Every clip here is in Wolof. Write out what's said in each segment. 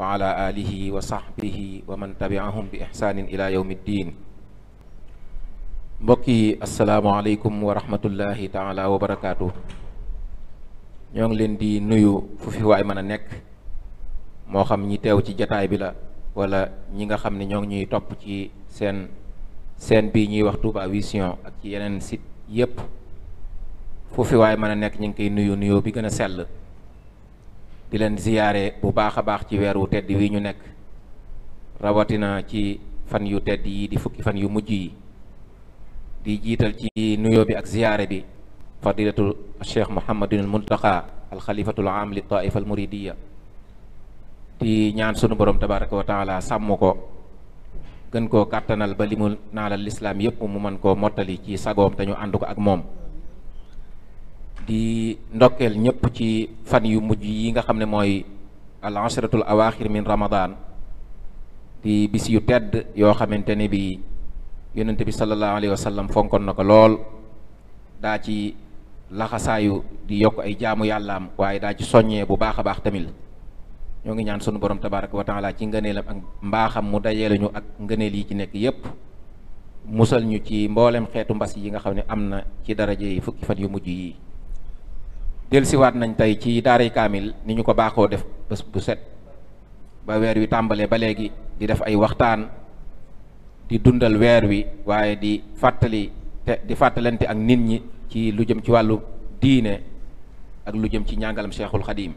wa ala alihi wa sahbihi wa man tabi'ahum bi ihsanin ila yawmi ddin mbokk yi asalaamualeykum wa rahmatullahi wa barakaatu ñoo ngi leen di nuyu fu fi waay mën a nekk moo xam ñi teew ci jataay bi la wala ñi nga xam ne ñoo ngi ñuy topp ci seen seen bii ñuy wax Touba Vision ak ci yeneen sit yépp fu fi waay mën a nekk ñu ngi koy nuyu nuyoo bi gën a sell di leen ziyaare bu baax a baax ci weer wu tedd wi ñu nekk rawatina ci fan yu tedd yi di fukki fan yu mujj yi di jiital ci nuyoo bi ak ziyaare bi fadilatu cheikh muhammadinul muntaqa alxalifatul am li taifa al muridiya di ñaan sunu borom tabaraka wa taala sàmm ko gën koo kàttanal ba limu mu naalal lislaam yépp mu mën koo mottali ci sagoom dañu ñu ànd ko ak moom di ndokkeel ñëpp ci fan yu mujj yi nga xam ne mooy al ashratul awaaxir min ramadan di bis yu tedd yoo xamante ne bi yonente bi sallallahu alayhi wa na ko lool daa ci laxasaayu di yokk ay jaamu yàllaam waaye daa ci soññee bu baax a baax tamit ñoo ngi ñaan sunu borom tabaraka wa ci ngëneelam ak mbaaxam mu dajee ñu ak ngëneel yi ci nekk yépp musal ñu ci mboolem xeetu mbas yi nga xam ne am na ci daraje yi fukki fan yu mujj yi del siwaat nañ tey ci daaray kaamil ni ñu ko baaxoo def bés bu set ba weer wi tàmbalee ba léegi di def ay waxtaan di dundal weer wi waaye di fàttali te di fàttalante ak nit ñi ci lu jëm ci wàllu diine ak lu jëm ci njàngalam seexul xadiim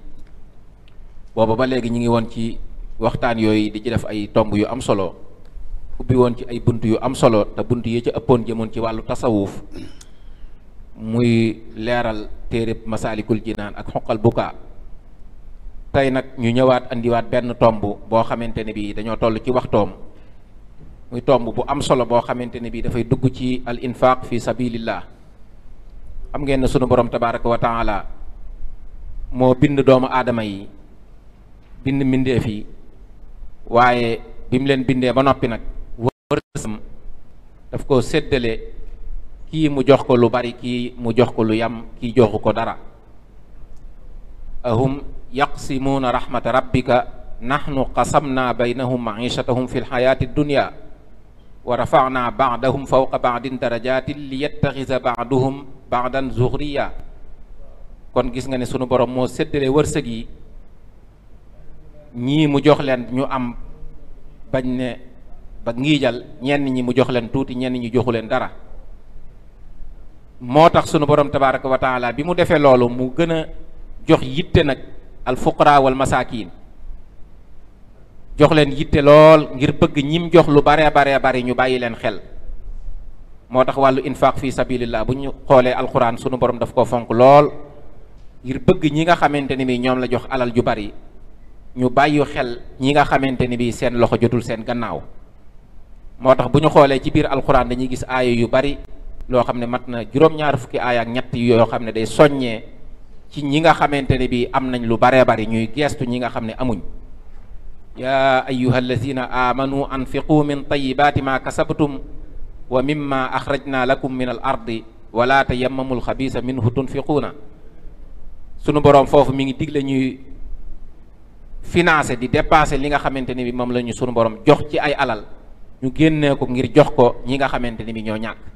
booba ba léegi ñu ngi woon ci waxtaan yooyu di ci def ay tong yu am solo ubbi woon ci ay bunt yu am solo te bunt yi ca ëppoon jëmoon ci wàllu tasawuf muy leeral téereb masaalikul jinaan ak xoqal bukaa tey nag ñu ñëwaat indiwaat benn tomb boo xamante ne bii dañoo toll ci waxtoom muy tomb bu am solo boo xamante ne bii dafay dugg ci al infaq fi sabilillah xam ngeen ne sunu borom tabaraka wa taala moo bind doomu aadama yi bind mbindeef yi waaye bi leen bindee ba noppi nag wërsam daf ko séddale kii mu jox ko lu bari kii mu jox ko lu yam kii joxu ko dara ahum yaqsimuuna rahmata rabbika nahnu qasamna baynahum maishatahum fi lxayaati dunya wa rafana baadahum fawqa baadin darajatin li yettaxisa baaduhum baadan zuxriya kon gis nga ne sunu borom moo séddale wërsëg yi ñii mu jox leen ñu am bañ ne ba ngiijal ñenn ñi mu jox leen tuuti ñenn ñi joxu leen dara moo tax sunu borom tabaraka wa bi mu defee loolu mu gën a jox yitte nag al fuqara masaakiin jox leen yitte lool ngir bëgg ñim jox lu bare bare bari ñu bàyyi leen xel moo tax wàllu infaq fi sabilillah bu ñu xoolee alxuraan sunu borom daf ko fonk lool ngir bëgg ñi nga xamante ni bi ñoom la jox alal ju bari ñu bàyyi xel ñi nga xamante ni bi seen loxo jotul seen gannaaw moo tax bu ñu xoolee ci biir alxuraan dañuy gis aaya yu bari loo xam ne mat na juróom-ñaar fukki aaya ak ñett yoo xam ne day soññee ci ñi nga xamante ne bi am nañ lu baree bari ñuy geestu ñi nga xam ne amuñ yaa ayuha alladina amanu anfiqu min tayibaati ma kasabtum wa mimma axrajna lakum min al ardi wala tayammamu alxabisa minhu tunfiquuna sunu boroom foofu mi ngi digle ñuy financer di dépasser li nga xamante ne bi moom lañu ñu sunu boroom jox ci ay alal ñu génnee ko ngir jox ko ñi nga xamante ne bi ñoo ñàkk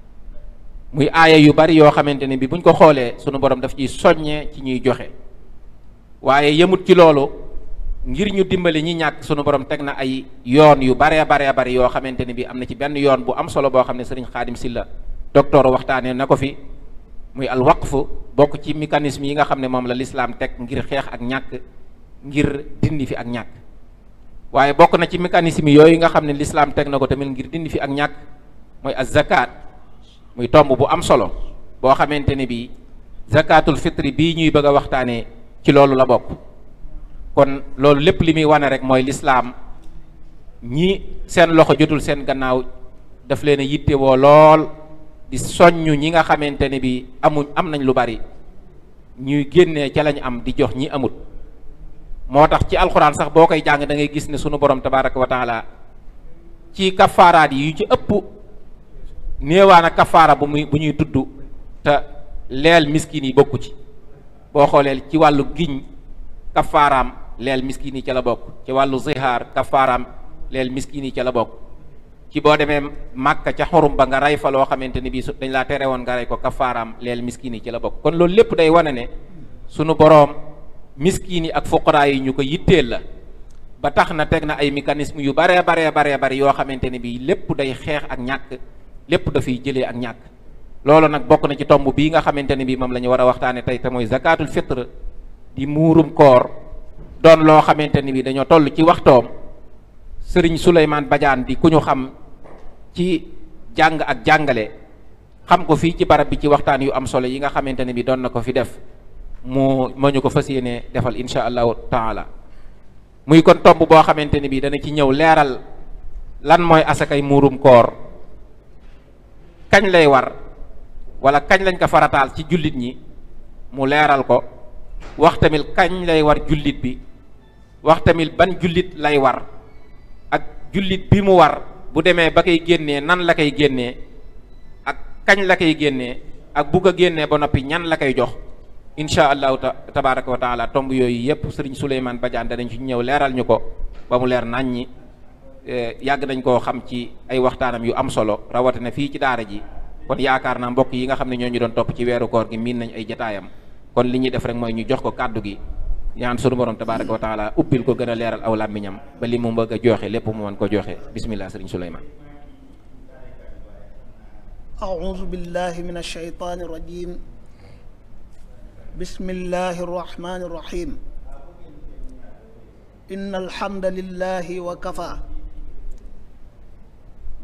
muy aaya yu bari yoo xamante ne bi buñ ko xoolee sunu borom daf ciy soññee ci ñuy joxe waaye yëmut ci loolu ngir ñu dimbali ñi ñàkk sunu borom teg na ay yoon yu baree baree bari yoo xamante ne bi am na ci benn yoon bu am solo boo xam ne sëriñ Xaadim la docteur waxtaanee na ko fi muy al waqf bokk ci mécanisme yi nga xam ne moom la lislaam teg ngir xeex ak ñàkk ngir dindi fi ak ñàkk waaye bokk na ci mécanisme yooyu nga xam ne lislaam teg na ko tamit ngir dindi fi ak ñàkk mooy az zakat muy tomb bu am solo boo xamante ne bii zakatul fitri bii ñuy bëgg a waxtaanee ci loolu la bokk kon loolu lépp li muy wane rek mooy lislaam ñi seen loxo jotul seen gannaaw daf leen a yittewoo lool di soññ ñi nga xamante ne bii amuñ am nañ lu bari ñuy génne ca lañ am di jox ñi amut moo tax ci alxuraan sax boo koy jàng da ngay gis ne sunu borom tabaaraka wa ci kafaaraat yi yu ci ëpp. néewaan a kafaara bu muy bu ñuy tudd te leel miskin yi bokk ci boo xooleel ci wàllu giñ kafaaraam leel miskin yi ca la bokk ci wàllu zihaar kafaaraam leel miskin yi ca la bokk ci boo demee màkka ca xorom ba nga rey fa loo xamante ni bii su dañ laa tere woon nga rey ko kafaaraam leel miskin yi ca la bokk kon loolu lépp day wane ne sunu boroom miskin yi ak fuqaraa yi ñu ko yitteel la ba tax na teg na ay mécanisme yu baree bare baree bari yoo xamante ne bii lépp day xeex ak ñàkk lépp dafay jëlee ak ñàkk loolu nag bokk na ci tomb bii nga xamante ne bii moom lañu ñu war a waxtaane tey te mooy zakatul fitre di muurum koor doon loo xamante ni bii dañoo toll ci waxtoom sëriñ Souleymane Badiane bi ku ñu xam ci jàng ak jàngale xam ko fii ci barab bi ci waxtaan yu am solo yi nga xamante ne bii doon na ko fi def mu ma ñu ko fas yéene defal incha allahu taala muy kon tomb boo xamante ne bii dana ci ñëw leeral lan mooy asakay muurum koor kañ lay war wala kañ lañ ko farataal ci jullit ñi mu leeral ko wax tamit kañ lay war jullit bi wax tamit ban jullit lay war ak jullit bi mu war bu demee ba koy génnee nan la koy génnee ak kañ la koy génnee ak bu ko génnee ba noppi ñan la koy jox incha allahu tabaraka wa taala tomb yooyu yépp sëriñ Souleymane Badiane danañ ci ñëw leeral ñu ko ba mu leer nañ Eh, yàgg nañ koo xam ci ay waxtaanam yu am solo rawatina fii ci daara ji kon yaakaar naa mbokk yi nga xam ne ñoo ñu doon topp ci weeru koor gi miin nañ ay jataayam kon li ñuy def rek mooy ñu jox ko kàddu gi ñaan sunu borom tabaaraka wa taala ubbil ko gën a leeral aw làmmiñam ba li mu bëgg a joxe lépp mu mën ko joxe bismillah sëriñ Souleymane. أعوذ بالله من الشيطان الرجيم بسم الله الرحمن الرحيم إن الحمد لله وكفى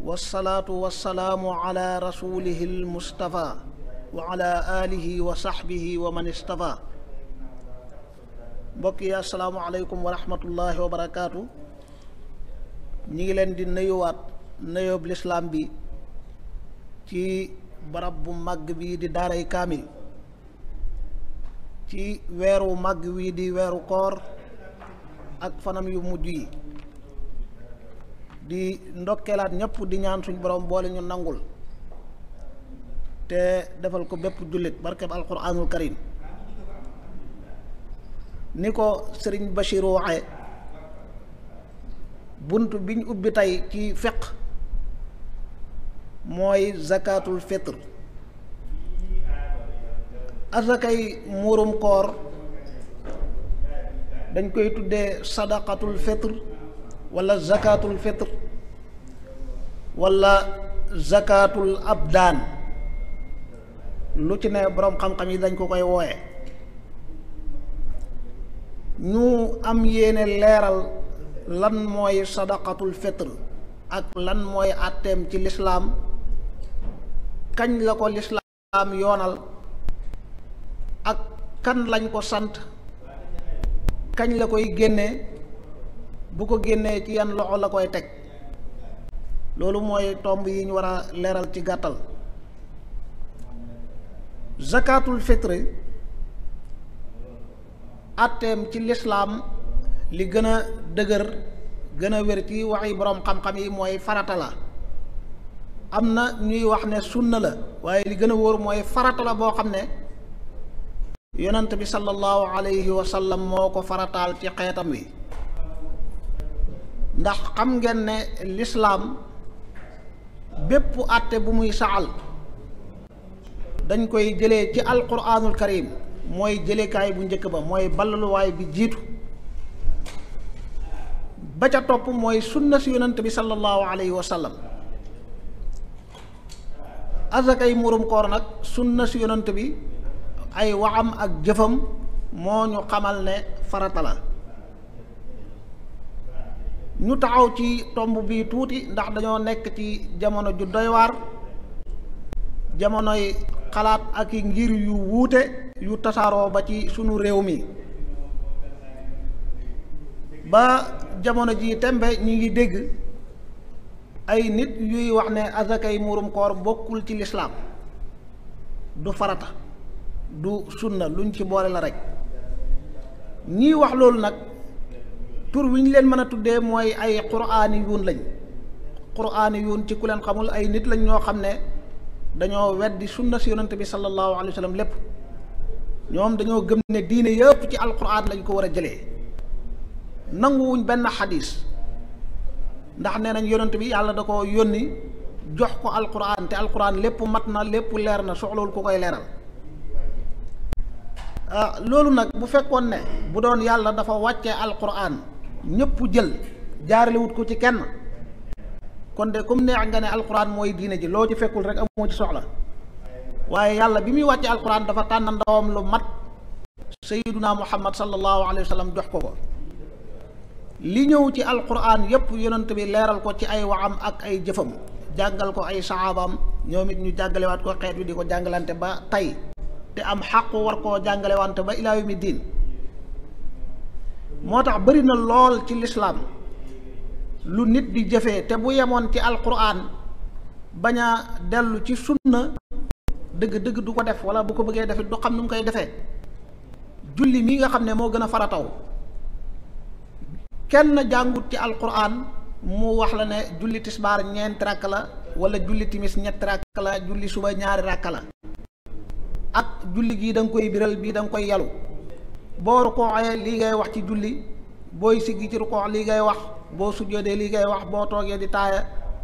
wasalaatu wasalaamu ala rasulihi almustafa wa alihi wa sahbihi wa man istafa mbokk yi asalaamu aleykum wa rahmatullahi wa barakaatu ñi ngi leen di nuyuwaat nuyoob lislaam bi ci barab bu màgg bii di daaray kaamil ci weeru màgg wi di weeru koor ak fanam yu mujj yi di ndokkeelaat ñëpp di ñaan suñu borom boole ñu nangul te defal ko bépp jullit barkeb alquranul karim ni ko sëriñ Bachir waxe bunt bi ñu ubbi tey ci fiqh mooy zakatul fitr asakay muurum koor dañ koy tuddee sadaqatul fitr wala zakatul fitr wala zakatul abdaan lu ci ne boroom xam-xam yi dañ ko koy wooye ñu am yéene leeral lan mooy sadaqatul fitr ak lan mooy àtteem ci lislaam kañ la ko lislaam yoonal ak kan lañ ko sant kañ la koy génnee bu ko génnee ci yan loxo la koy teg loolu mooy tomb yi ñu war a leeral ci gàttal zakatul fitre atteem ci lislaam li gën a dëgër gën a wér ci waxi boroom xam-xam yi mooy farata la am na ñuy wax ne sunna la waaye li gën a wóor mooy farata la boo xam ne yonent bi sallallahu alayhi wa sallam moo ko farataal ci xeetam wi ndax xam ngeen ne lislaam bépp àtte bu muy saxal dañ koy jëlee ci alquranul karim mooy jëlekaay bu njëkk ba mooy balluwaay bi jiitu ba ca topp mooy sunna si yonent bi sallallahu alayhi wa sallam azakay murum koor nag sunna si yonent bi ay waxam ak jëfam moo ñu xamal ne farata ñu taxaw ci tomb bi tuuti ndax dañoo nekk ci jamono ju doy waar jamonoy xalaat ak ngir yu wuute yu tasaaroo ba ci sunu réew mi ba jamono ji tembe ñi ngi dégg ay nit yuy wax ne azakay muurum koor bokkul ci lislaam du farata du sunna luñ ci boole la rek ñii wax loolu nag tur wi ñu leen mën a tuddee mooy ay quraani yuun lañ quraani yuun ci ku leen xamul ay nit lañ ñoo xam ne dañoo weddi sunna si yonante bi sallallahu alayhi lépp ñoom dañoo gëm ne diine yëpp ci alquran lañ ko war a jëlee nanguwuñ benn xadiis ndax ne nañ yonent bi yàlla da ko yónni jox ko alquran te alquran lépp mat na lépp leer na soxlawul ku koy leeral ah, loolu nag bu fekkoon ne bu doon yàlla dafa wàccee alquran ñëpp jël jaarale ko ci kenn kon de comme neex nga ne alquran mooy diine ji loo ci fekkul rek amoo ci soxla waaye yàlla bi muy wàcce alquran dafa tànn ndawam lu mat sayyiduna muhammad sallallahu alayhi wa sallam jox ko ko li ñëw ci alquran yépp yonent bi leeral ko ci ay waxam ak ay jëfam jàngal ko ay saxaabaam ñoom it ñu jàngalewaat ko xeet wi di ko jàngalante ba tey te am xàqu war koo jàngalewante ba ilaa yawmi diin moo tax bëri na lool ci lislaam lu nit di jëfee te bu yemoon ci alquran bañ dellu ci sunna dëgg-dëgg du ko def wala bu ko bëggee defit du xam nu mu koy defee julli mii nga xam ne moo gën a farataw kenn jàngut ci alquran mu wax la ne julli tisbaar ñeenti ràkk la wala julli timis ñetti ràkk la julli suba ñaari ràkk la ak julli gii da nga koy biral bii danga koy yalu boo ruqooxee lii ngay wax ci julli booy siggi ci ruqoox lii ngay wax boo sujjoodee lii ngay wax boo toogee di taaya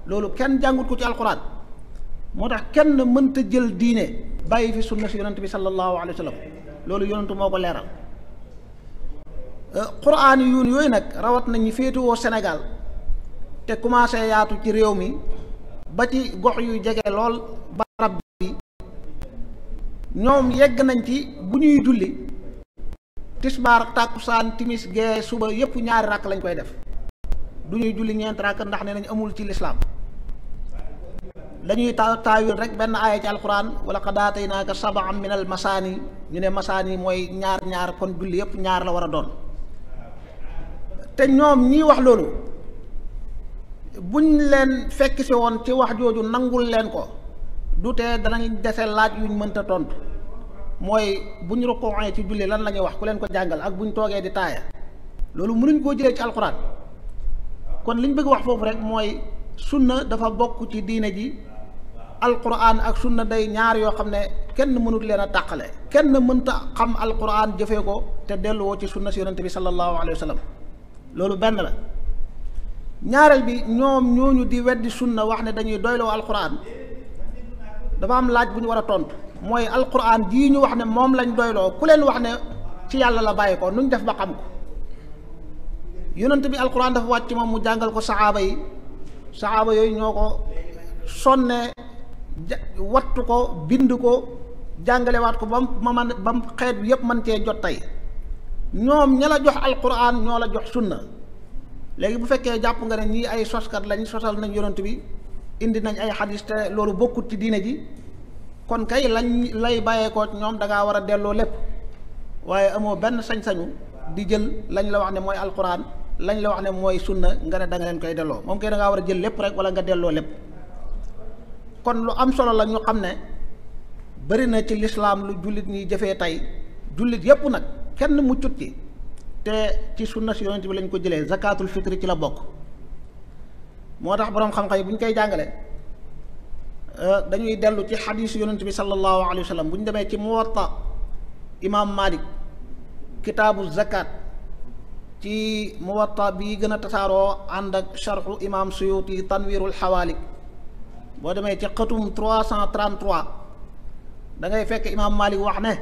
loolu kenn jàngut ko ci alxuraan moo tax kenn mënta jël diine bàyyi fi sunna si yonent bi sallallahu alayhi wa sallam loolu yonentu moo ko leeral eh, quraan yuun yooyu nag rawat na ñi féetewoo Sénégal te commencé yaatu ci réew mi ba ci gox yu jege lool barab bi ñoom yegg nañ ci bu ñuy julli tisbaar tàkkusaan timis gee suba yépp ñaari rakk lañ koy def du ñuy julli ñeent rakk ndax ne nañ amul ci lislaam dañuy ta taawil rek benn aaya ci alquran wala qad aataynaaka sab'an min al masaani ñu ne masaani mooy ñaar ñaar kon julli yépp ñaar la war a doon te ñoom ñii wax loolu buñ leen fekk si woon ci wax jooju nangul leen ko du tee danañ dese laaj yuñ mënta tontu. mooy bu ñu rukkoonee ci julli lan la ñuy wax ku leen ko jàngal ak bu ñu toogee di taaya loolu mënuñ koo jëlee ci alxuraan kon li ñu bëgg wax foofu rek mooy sunna dafa bokk ci diine ji alxuraan ak sunna day ñaar yoo xam ne kenn mënut leen a tàqale kenn mënta xam alxuraan jëfee ko te delluwoo ci sunna si yonante bi sallallahu alayhi wa sallam loolu benn la ñaareel bi ñoom ñooñu di weddi sunna wax ne dañuy doyloo alxuraan dafa am laaj bu ñu war a tontu. mooy alquran jii ñu wax ne moom lañ doyloo ku leen wax ne ci yàlla la bàyyi ko ñu def ba xam ko yonant bi alquran dafa wàcc moom mu jàngal ko saxaaba yi saxaaba yooyu ñoo ko sonne wattu ko bind ko jàngalewaat ko ba mu man ba mu xeet bi yépp mën cee jot tey ñoom ña la jox alquran ñoo la jox sunna léegi bu fekkee jàpp nga ne ñii ay soskat lañ sosal nañ yonent bi indi nañ ay xadis te loolu bokkut ci diine ji kon kay lañ lay bàyyeekoo ñoom dangaa war a delloo lépp waaye amoo benn sañ-sañu di jël lañ la wax ne mooy alxuraan lañ la wax ne mooy sunna nga ne da leen koy delloo moom kay da war a jël lépp rek wala nga delloo lépp kon lu am solo la ñu xam ne bari na ci lislaam lu jullit ñi jëfee tey jullit yépp nag kenn muccut ci te ci sunna si yoon bi lañ ko jëlee zakatul fitri ci la bokk moo tax boroom xam-xam yi bu ñu koy jàngale Euh, dañuy dellu ci xadiis yonent bi sallallahu alayhi wa sallam bu ñu demee ci muwatta imaam Malik kitaabu zakat ci muwatta bii gën a tasaaroo ànd ak imam imaam suyuti tanwirul xawaalik boo demee ci qatum 333 da ngay fekk imaam Malik wax ne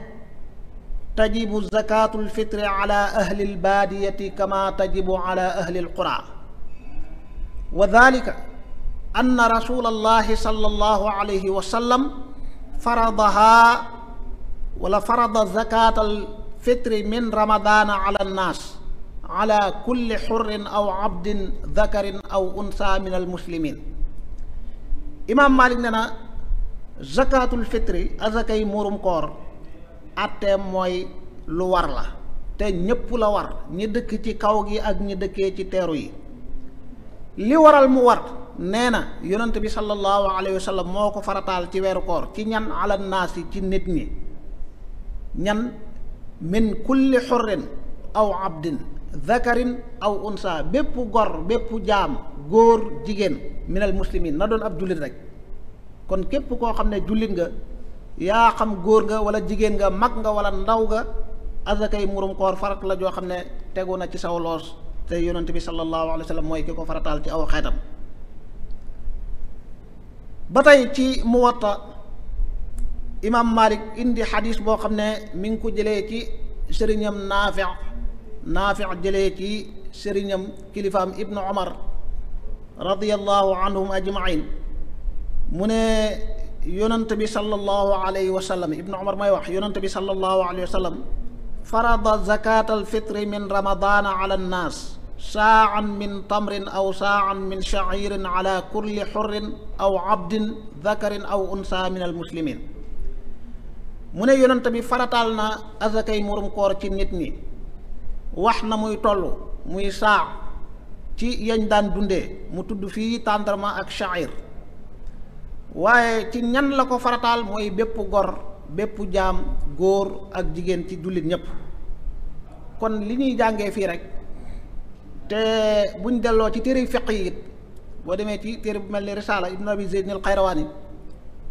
tajibu zakatul fitri ala ahli albaadiyati kama tajibu ala ahli alqura wa dalika anna rasulallahi sallallahu alayhi wa sallam faradaha wala farada zakat al fitri min ramadana ala annaas ala kulli xurrin aw abdin dakarin aw unsa min al muslimin imaam Malik ne na zakatul fitri azakay muurum koor mooy lu war la te ñépp la war ñi dëkk ci kaw gi ak ñi dëkkee ci teeru yi li waral mu war nee na yonent bi sallallahu alayhi wa moo ko farataal ci weeru koor ci ñan ala naasi ci nit ñi ñan min kulli xurrin aw abdin zakarin aw unsa bépp gor bépp jaam góor jigéen minal muslimin na doon ab jullit rek kon képp koo xam ne jullit nga yaa xam góor nga wala jigéen nga mag nga wala ndaw nga azakay murum koor farat la joo xam ne tegu na ci saw loos te yonent bi sallallahu alayhi wa sallam mooy ki ko farataal ci aw xeetam ba tey ci muwatta imaam malik indi xadis boo xam ne mi ngi ko jëlee ci sëriñam naafi naafi jëlee ci sëriñam kilifaam ibnu omar radiallahu anhum ajmain mu ne yonent bi sallallahu alayhi wa sallam ibnu omar mooy wax yonent bi sallallahu alayhi wa sallam farada zakat al fitri min ramadana ala annaas saa min tamrin aw saa'an min sha'irin ala kulli xurrin aw abdin zakarin aw unsa min al muslimin mu ne yonent bi farataal na azakay murum koor ci nit ñi wax na muy toll muy saa ci yañ daan dunde mu tudd fii tàndarma ak sha'ir waaye ci ñan la ko farataal mooy bépp gor bépp jaam góor ak jigéen ci jullit ñépp kon li ñuy jànge fii rek te buñ delloo ci téere feq yi it boo demee ci téere bu mel ni risaala ibnu abi zeydin xayrawaani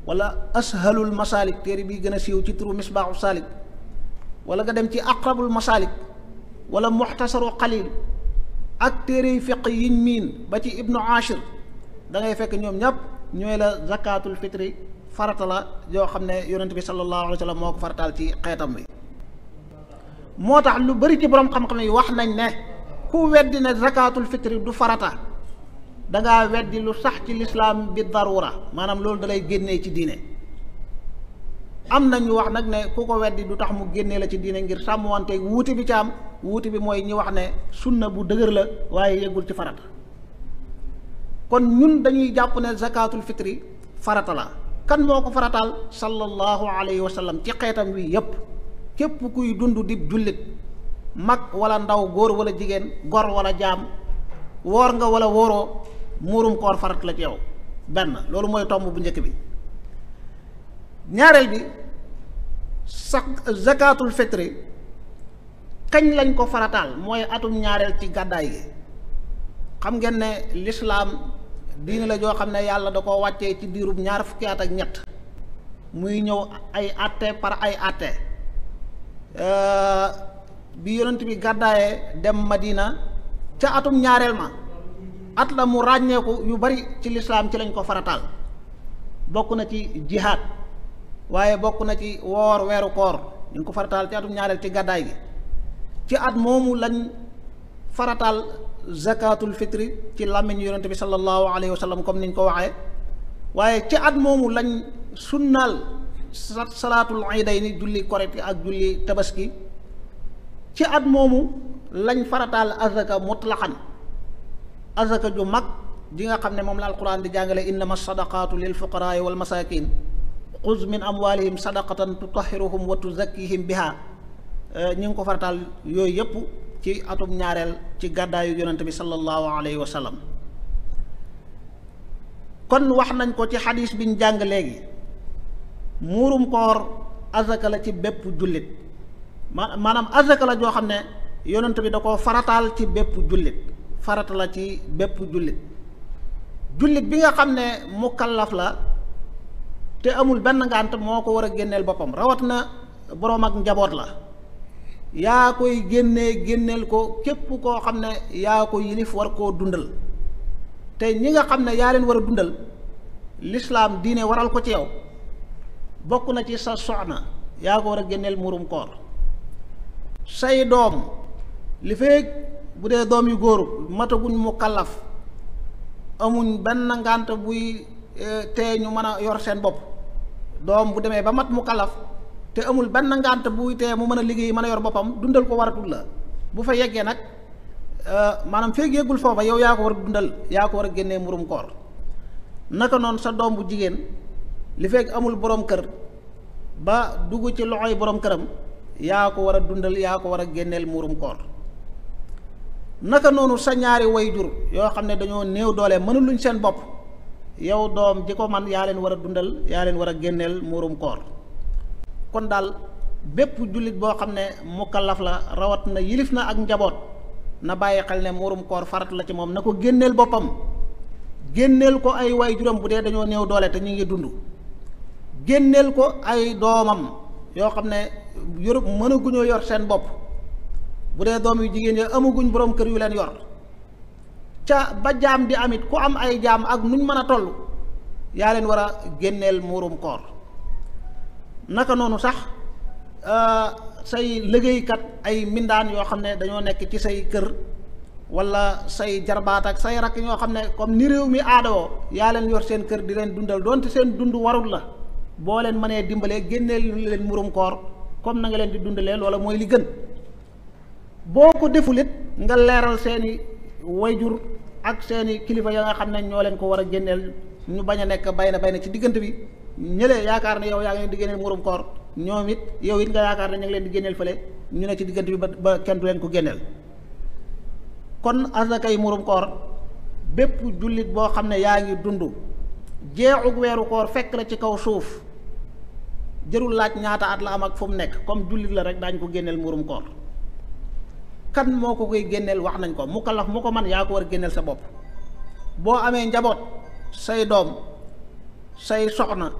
wala ashalul masalik téere bi gën a siiw ci turu misbaaxu saalik wala nga dem ci aqrabul masalik wala muxtasaru xalil ak téere fiq yiñ miin ba ci ibnu ashir da ngay fekk ñoom ñàpp ñooy la zakatul fitri farata la yoo xam ne yonent bi sallallahu alayhi wa sallam moo ko ci xeetam bi tax lu bari ci borom xam yi wax nañ ne ku weddi ne zakaatul fitri du farata danga weddi lu sax ci lislaam bi darura maanaam loolu dalay génne ci diine am na wax nag ne ku ko weddi du tax mu génne la ci diine ngir sàmmwante wuute bi ca am wuute bi mooy ñi wax ne sunna bu dëgër la waaye yeggul ci farata kon ñun dañuy jàpp ne zakaatul fitri farata la kan moo ko farataal sallallahu alayhi wa sallam ci xeetam wi yépp képp kuy dund di jullit mag wala ndaw góor wala jigéen gor wala jaam woor nga walla wóoroo muurum koor farat la ci yow benn loolu mooy tomb bu njëkk bi ñaareel bi sax zakatul fitri kañ lañ ko farataal mooy atum ñaareel ci gàddaay gi xam ngeen ne lislaam diine la joo xam ne yàlla da ko wàccee ci diirub ñaar fukkiyaat ak ñett muy ñëw ay àtte par ay àtte euh, bi yonent bi gàddaayee dem Madina ca atum ñaareel ma at la mu ràññeeku yu bari ci lislaam ci lañ ko farataal bokk na ci jihaad waaye bokk na ci woor weeru koor ñu ko farataal ci atum ñaareel ci gàddaay gi ci at moomu lañ farataal zakatul fitri ci làmmiñ yonent bi sallallahu alayhi wa sallam comme niñ ko waxee waaye ci at moomu lañ sunnaal salaatul iidayni julli korite ak julli tabaski ci at moomu lañ farataal azaka mutlaqan azaka ju mag ji nga xam ne moom la alquran di jàngale ma sadaqaatu lil fuqaraai wal masakin xuz min amwalihim sadaqatan tutahiruhum wa tuzakkihim biha ñu ngi ko farataal yooyu yëpp ci atum ñaareel ci gàddaayu yonente bi sallallahu alayhi wa sallam kon wax nañ ko ci xadis biñ jàng léegi muurum koor azaka la ci bépp jullit maanaam azaka la joo xam ne yonent bi da ko farataal ci bépp jullit farata la ci bépp jullit jullit bi nga xam ne kallaf la te amul benn ngànt moo ko war a génneel boppam rawat na boroom ak njaboot la yaa koy génnee génneel ko képp koo xam ne yaa ko yilif war koo dundal te ñi nga xam ne yaa leen war a dundal lislaam diine waral ko ci yow bokk na ci sa soxna yaa ko war a génneel murum koor say doom li feeg bu dee doom yu góor mataguñ mu kallaf amuñ benn ngànt buy eh, tee ñu mën a yor seen bopp doom bu demee ba mat mu kallaf te amul benn ngànt buy tee mu mën a liggéey mën a yor boppam dundal ko waratul la bu fa yeggee nag eh, maanaam feeg yeggul foofa yow yaa ko war a dundal yaa ko war a génnee murum koor naka noon sa doom bu jigéen li fekk amul boroom kër ba dugg ci loxo yi boroom këram yaa ko war a dundal yaa ko war a génneel muurum koor naka noonu sa ñaari wayjur yoo xam ne dañoo néew doole mënuluñ seen bopp yow doom ji ko man yaa leen war a dundal yaa leen war a génneel muurum koor kon daal bépp jullit boo xam ne mukallaf la rawat na yilif na ak njaboot na bàyyi xel ne muurum koor farat la ci moom na ko génneel boppam génneel ko ay way wayjuram bu dee dañoo néew doole te ñu ngi dund génneel ko ay doomam yoo xam ne yor mënaguñoo yor seen bopp bu dee doom yu jigéen ya amaguñ borom kër yu leen yor ca ba jaam di amit ku am ay jaam ak nuñ mën a toll yaa leen war a génneel muurum koor naka noonu sax euh, say liggéeykat ay mbindaan yoo xam ne dañoo nekk ci say kër wala say jarbaat ak say rakk ñoo xam ne comme ni réew mi aadawoo yaa leen yor seen kër di leen dundal donte seen dund warul la boo leen mënee dimbalee génneel leen murumkoor koor comme na leen di dund leen loola mooy li gën boo ko defulit nga leeral seeni way jur ak seeni kilifa ya nga xam ne ñoo leen ko war a génneel ñu bañ a nekk bay na bay na ci diggante bi ñële yaakaar ne yow yaa ngi leen di génneel murum koor yow it nga yaakaar ne ñu ngi leen di génneel fële ñu ne ci diggante bi ba ba kenn du leen ko génneel kon asakay murum koor bépp jullit boo xam ne yaa ngi dund jeexug weeru koor fekk la ci kaw suuf jërul laaj ñaata at la am ak fu mu nekk comme jullit la rek daañ ko génneel mburum koor kan moo ko koy génneel wax nañ ko mu kalaf mu ko man yaa ko war génneel sa bopp boo amee njaboot say doom say soxna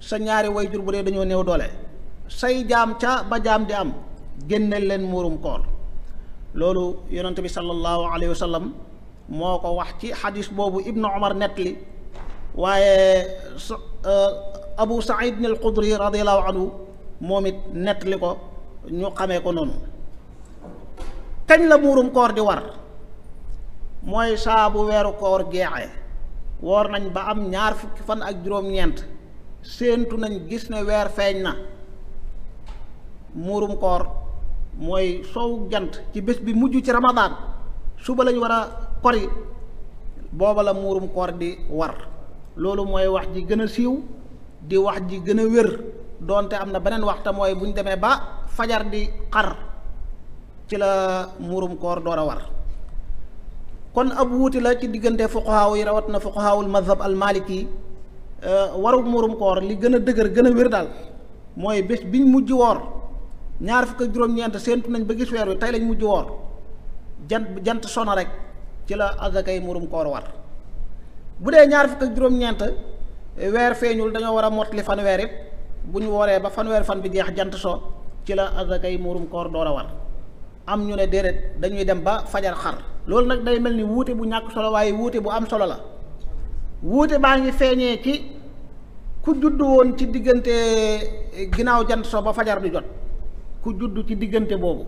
sa ñaari wayjur bu dee dañoo néew doole say jaam ca ba jaam di am génneel leen mburum koor loolu yonent bi sallallahu alayhi wa sallam moo ko wax ci xadis boobu ibnu omar nettali waaye uh, abu said al xudri radiallahu anhu moom it nettali ko ñu xamee ko noonu kañ la muurum koor di war mooy saa weeru koor jeexee woor nañ ba am ñaar fukki fan ak juróom-ñeent séentu nañ gis ne weer feeñ na muurum koor mooy soow jant ci bés bi mujj ci ramadaan suba lañu war a kori booba la muurum koor di war loolu mooy wax ji gën a siiw di wax ji gën a wér doonte am na beneen waxta mooy bu ñu demee ba fajar di xar ci la murum koor door a war kon ab wuute la ci diggante fuqahaaw yi rawat na fuqahaawul mazhab al maliki euh, waru murum koor li gën a dëgër gën a wér daal mooy bés biñ mujj woor ñaar fukk ak juróom-ñeent séentu nañ ba gis weer wi tey lañ mujj woor jant jant sono rek ci la azakay muurum koor war bu dee ñaar fukk ak juróom-ñeent eh, weer feeñul dañoo war a mottali fanweer it bu ñu wooree ba fanweer fan bi geex jant soo ci la azakay muurum koor door a war am ñu ne déedéet dañuy dem ba fajar xar loolu nag day mel ni wuute bu ñàkk solo waaye wuute bu am solo la wuute baa ngi feeñee ci ku judd woon ci diggante eh, ginnaaw jant soo ba fajar di jot ku judd ci diggante boobu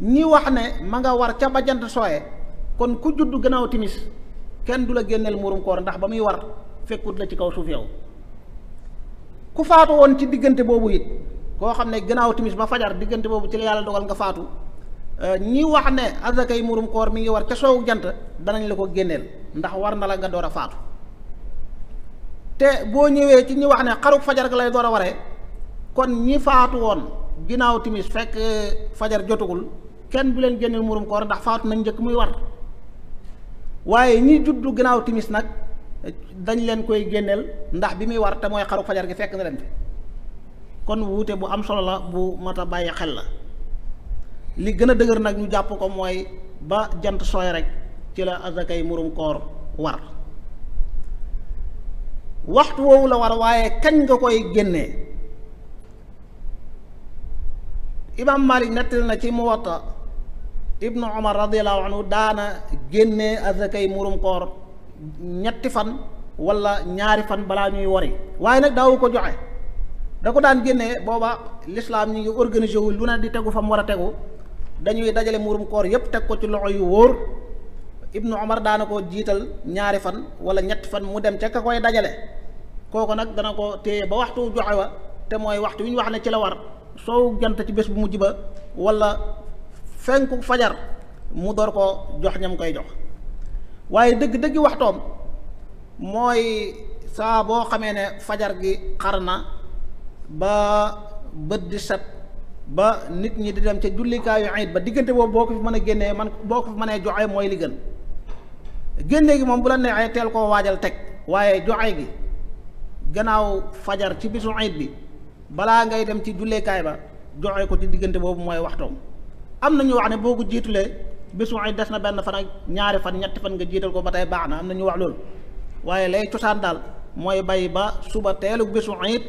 ñi wax ne ma nga war ca ba jant sooyee kon ku judd gannaaw timis kenn du la génneel murum koor ndax ba muy war fekkut la ci kaw suuf yow ku faatu woon ci diggante boobu it koo xam ne ginnaaw timis ba fajar diggante boobu ci la yàlla dogal nga faatu euh, ñi wax ne azakay murum koor mi ngi war ca soowu jant danañ la ko génneel ndax war na la nga door a faatu te boo ñëwee ci ñi wax ne xaruk fajar ga lay door a waree kon ñi faatu woon ginnaaw timis fekk euh, fajar jotagul kenn du leen génneel murum koor ndax faatu nañ njëkk muy war waaye ñi juddu gannaaw timis nag dañ leen koy génneel ndax bi muy war te mooy xaru fajar gi fekk na leen fi kon wuute bu am solo la bu mat a bàyyi xel la li gën a dëgër nag ñu jàpp ko mooy ba jant sooy rek ci la azakay murum koor war waxtu woowu la war waaye kañ nga koy génnee imaam Malik nettali na ci Muwatta ibnu omar radiallahu anhu daana génne azakay murum koor ñetti fan wala ñaari fan balaa ñuy wari waaye nag daawu ko joxe da ko daan génnee booba lislaam ñi ngi organisé lu ne di tegu fa mu war a tegu dañuy dajale murum koor yépp teg ko ci loxo yu wóor ibnu omar daana ko jiital ñaari fan wala ñetti fan mu dem ca koy dajale kooku nag dana ko téye ba waxtu joxe wa te mooy waxtu wi ñu wax ne ci la war soow jant ci bés bu mujj ba wala fenku fajar mu door ko jox ñam koy jox waaye dëgg-dëgg waxtoom mooy saa boo xamee ne fajar gi xar na ba bët di set ba nit ñi di dem ca jullikaayu ayit ba diggante boobu boo ko fi mën a génnee man boo ko fi mënee joxe mooy li gën génne gi moom bu la neexee teel koo waajal teg waaye joxe gi gannaaw fajar ci bisu ayit bi balaa ngay dem ci jullikaay ba joxe ko ci diggante boobu mooy waxtoom am na ñu wax ne boo ko jiitulee bésu ay des na benn fan ak ñaari fan ñetti fan nga jiital ko ba tey baax na am na ñu wax loolu waaye lay cosaan daal mooy bàyyi ba suba teelu bésu ayit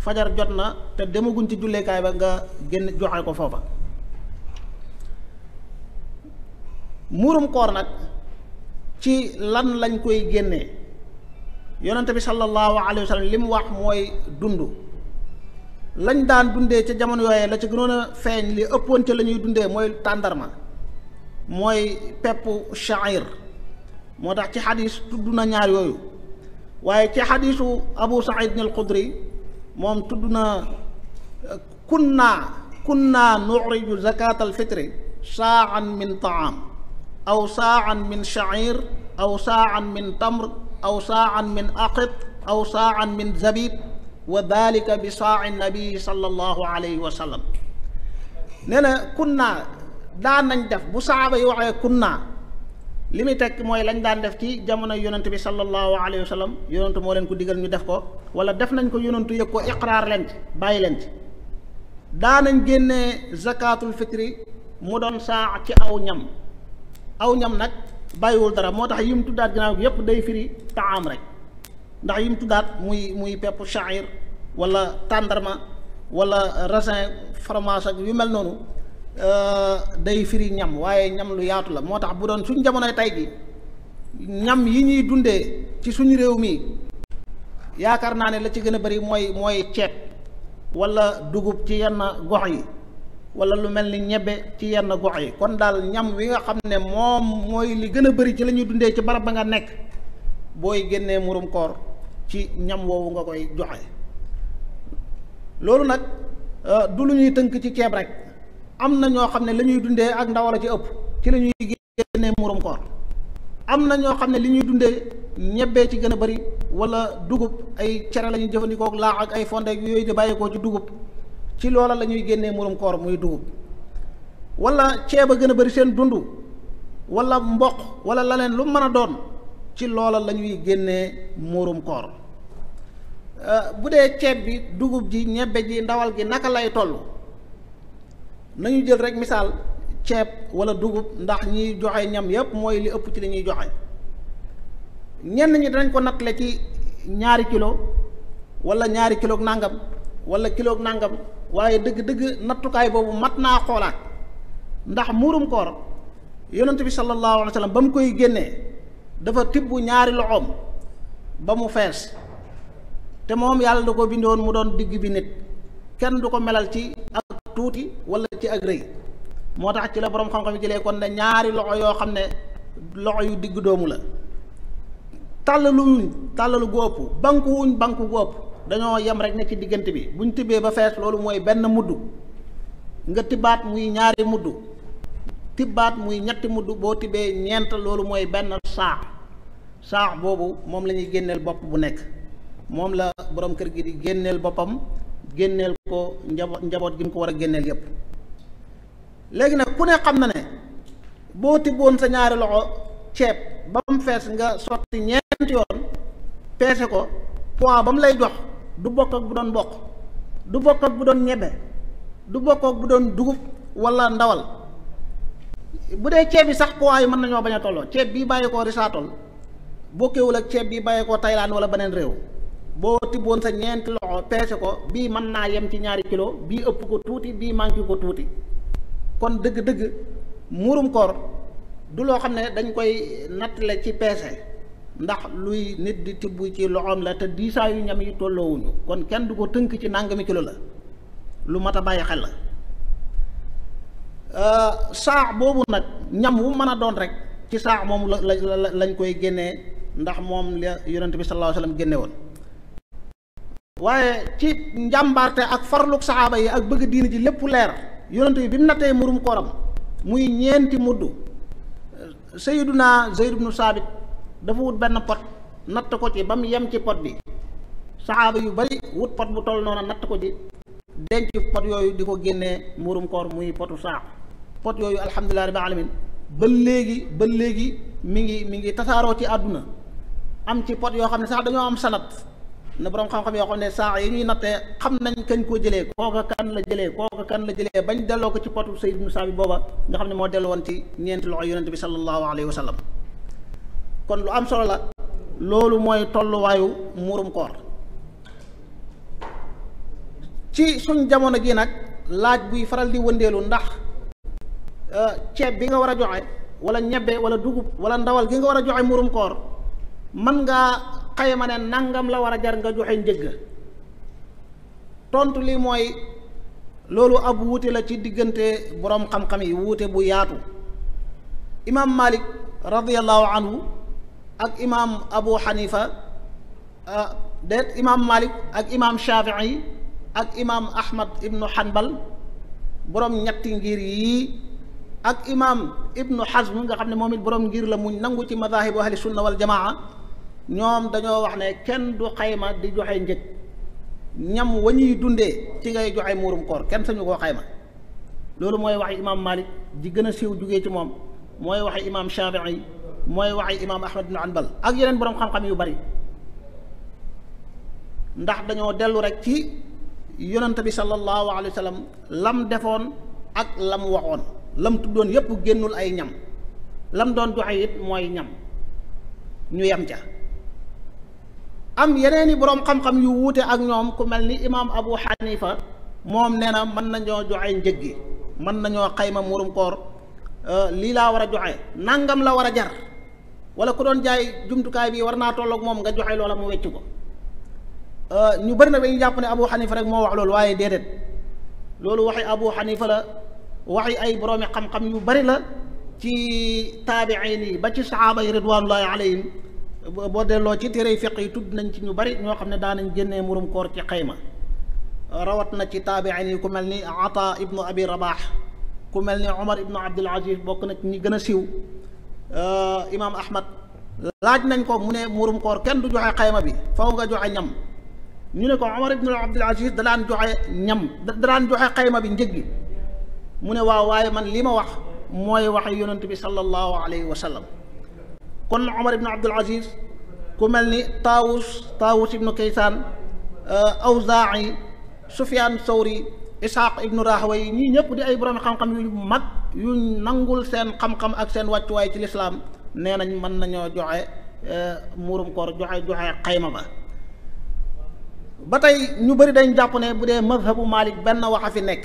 fajar jot na te demaguñ ci julleekaay ba nga génn joxe ko foofa muurum koor nag ci lan lañ koy génnee yonente bi sallallahu alayhi wa sallam wax mooy dund lañ daan dundee ca jamono yooyee la ca gënoon a feeñ li ëppoon ca lañuy dundee mooy tàndarma mooy peppu sha'ir moo tax ci xadis tudd na ñaar yooyu waaye ci xadisu abu saïd al xudri moom tudd na kunna kunna nuxriju zakat al fitri saa min taam aw saan min sha'ir aw saan min tamr aw saan min aqit aw saan min zabib wa dalika bi saai nabii sallallahu alayhi wa sallam nee na kunnaa daan nañ def bu saaba yi waxee kunnaa li muy tekk mooy lañ daan def ci jamono yonent bi sallallahu alayhi wa sallam yonentu moo leen ko digal ñu def ko wala def nañ ko yonentu yëg ko iqraar leen bàyyi leen ci daan nañ génnee zakatul fitri mu doon saa ci aw ñam aw ñam nag bàyyiwul dara moo tax yim tuddaat ginnaaw gi yépp day firi taam rek ndax yi mu tuddaat muy muy pepp sha'ir wala tàndarma wala raisin fromage ak yu mel noonu euh, day firi ñam waaye ñam lu yaatu la moo tax bu doon suñ jamonoy tey ji ñam yi ñuy dundee ci suñu réew mi yaakaar naa ne la ci gën a bari mooy mooy ceeb wala dugub ci yenn gox yi wala lu mel ni ñebe ci yenn gox yi kon daal ñam wi nga xam ne moom mooy li gën a bari ci la ñuy dundee ci barab ba nga nekk booy génnee murum koor ci ñam woowu nga koy joxe loolu nag euh, du lu ñuy tënk ci ceeb rek am na ñoo xam ne la ñuy dundee ak ndawala ci ëpp ci la ñuy génnee murum koor am na ñoo xam ne li ñuy dundee ñebee ci gën a bari wala dugub ay cere lañuy ñuy jëfandikoo laax ak ay fonde yooyu di bàyyeekoo ci dugub ci loola la ñuy génnee murum koor muy dugub wala ceeb a gën a bari seen dund wala mboq wala leneen lu mën a doon ci loola lañuy ñuy génnee muurum koor euh, bu dee ceeb bi dugub ji ñebbe ji ndawal gi naka lay toll nañu jël rek misaal ceeb wala dugub ndax ñiy joxe ñam yépp mooy li ëpp ci li ñuy joxe ñenn ñi danañ ko nattale ci ñaari kilo walla ñaari kilo nangam walla kilo nangam waaye dëgg-dëgg nattukaay boobu mat naa xoolaat ndax muurum koor yonent bi sallallahu alayhi wa sallam ba mu koy génnee dafa tibb ñaari loxoom ba mu fees te moom yàlla da ko bindoon mu doon digg bi nit kenn du ko melal ci ak tuuti wala ci ak rëy moo tax ci la boroom xam-xam yi jëlee kon ne ñaari loxo yoo xam ne loxo yu digg doomu la tàllaluñ tàllalu gu ëpp banku wuñ banku gu ëpp dañoo yem rek ne ci diggante bi buñ tibbee ba fees loolu mooy benn mudd nga tibbaat muy ñaari mudd tibbaat muy ñetti mudd boo tibbee ñeent loolu mooy benn saax saax boobu moom lañuy génneel bopp bu nekk moom la boroom kër gi di génneel boppam génneel ko njaboot njaboot gi mu ko war a génneel yépp léegi nag ku ne xam na ne boo tibboon sa ñaari loxo ceeb ba fees nga sotti ñeent yoon peese ko poids ba mu lay jox du bokk bu doon bokk du bokk bu doon ñebe du bokk bu doon dugub walla ndawal bu dee ceeb yi sax poids yi mën nañoo bañ a tolloo ceeb bi bàyyi koo risaatol bokkewul ak ceeb bi bàyyi koo Thaïlande wala beneen réew boo tibboon sa ñeenti loxo peese ko bii mën naa yem ci ñaari kilo bii ëpp ko tuuti bii manqué ko tuuti kon dëgg-dëgg murum koor du loo xam ne dañ koy nattale ci peese ndax luy nit di tibb ci loxoom la te diisaayu ñam yi tolloowuñu kon kenn du ko tënk ci nàngami kilo la lu mat a bàyyi xel la Euh, saax boobu nag ñam wu mën a doon rek ci saax moom la la lañ koy génnee ndax moom la yonent bi sallallahu alayhi wa woon waaye ci njàmbaarte ak farlu saxaaba yi ak bëgg diini ji lépp leer yonent bi bi mu nattee murum kooram muy ñeenti mudd euh, sayyiduna Zayd ibnu Saabit dafa wut benn pot natt ko ci ba mu yem ci pot bi saxaaba yu bari wut pot bu toll noonu natt ko ci denc pot yooyu di ko génnee murum koor muy potu saax pot yooyu alhamdulilah rabbil alamin ba léegi ba léegi mi ngi mi ngi tasaaroo ci àdduna am ci pot yoo xam ne sax dañoo am sanat na boroom xam-xam yoo xam ne saa yi ñuy nattee xam nañ kañ koo jëlee kooka kan la jële kooka kan la jëlee bañ delloo ko ci potu Sayyid Musaa bi booba nga xam ne moo dellu woon ci ñeenti loxo yonent bi sallallahu alayhi wa sallam kon lu am solo la loolu mooy tolluwaayu muurum koor ci suñ jamono ji nag laaj buy faral di wëndeelu ndax Euh, ceeb bi nga war a joxe wala ñebbe wala dugub wala ndawal gi nga war a joxe murum koor mën ngaa xayma ne nangam la war a jar nga joxe njëgg tontu lii mooy loolu ab wuute la ci diggante boroom xam-xam yi wuute bu yaatu imaam Malik radiyallahu anhu ak imaam Abu Hanifa euh, déet imaam Malik ak imaam Shafii ak imaam Ahmad ibnu Hanbal boroom ñetti ngir yii ak imam ibnu Hazm nga xam ne moom it boroom ngir la mu nangu ci madaahibu ahli sunna wal jamaa ñoom dañoo wax ne kenn du xayma di joxe njëg ñam wa ñuy dundee ci ngay joxe muurum koor kenn sañu koo xayma loolu mooy waxi imaam Malik ji gën a siiw jugee ci moom mooy wax waxi imaam Shafii mooy wax waxi imaam Ahmad ibnu Hanbal ak yeneen borom xam-xam yu bari ndax dañoo dellu rek ci yonent bi sallallahu alayhi wa sallam lam defoon ak lam waxoon. lam tuddoon yépp génnul ay ñam lam doon joxe it mooy ñam ñu yem ca am yeneen i boroom xam-xam yu wuute ak ñoom ku mel ni imaam Abu Xanifa moom nee na mën nañoo joxe njëg gi mën nañoo xayma murum koor euh, lii laa war a joxe nangam la war a jar wala ku doon jaay jumtukaay bii war naa tollook moom nga joxe loola mu wecc ko euh, ñu bëri na dañuy jàpp ne Abu Xanifa rek moo wax loolu waaye déedéet loolu waxi Abu Xanifa la. wax waxi ay boroomi xam-xam yu bari la ci taabiin yi ba ci saxaaba yi ridwanullahi alayhim boo delloo ci yi fiq yi tudd nañ ci ñu bari ñoo xam ne daanañ génnee murum koor ci xayma rawat na ci taabiin yi ku mel ni ata ibnu abi rabax ku mel ni omar ibnu abdul aziz bokk nañ ci ñi gën a siiw euh, imaam ahmad laaj nañ ko mu ne murum koor kenn du joxe xayma bi faw nga joxe ñam ñu ne ko omar ibnu abdul aziz da daan joxe ñam da daan joxe xayma bi njëg gi mu ne waaw waaye man li ma wax mooy wax waxe yonent bi sallallahu alayhi wa sallam kon Omar ibn Abdul Aziz ku mel ni Taawus Taawus ibnu Kaysaan euh, Awzaa'i Sufyaan Sawri Isaaq ibnu Rahaway yi ñii ñëpp di ay borom xam-xam yu mag yu nangul seen xam-xam ak seen wàccuwaay ci lislaam nee nañ mën nañoo joxe euh, muurum koor joxe joxe xayma ba ba tey ñu bari dañ jàpp ne bu dee mazhabu Maalik benn waxa fi nekk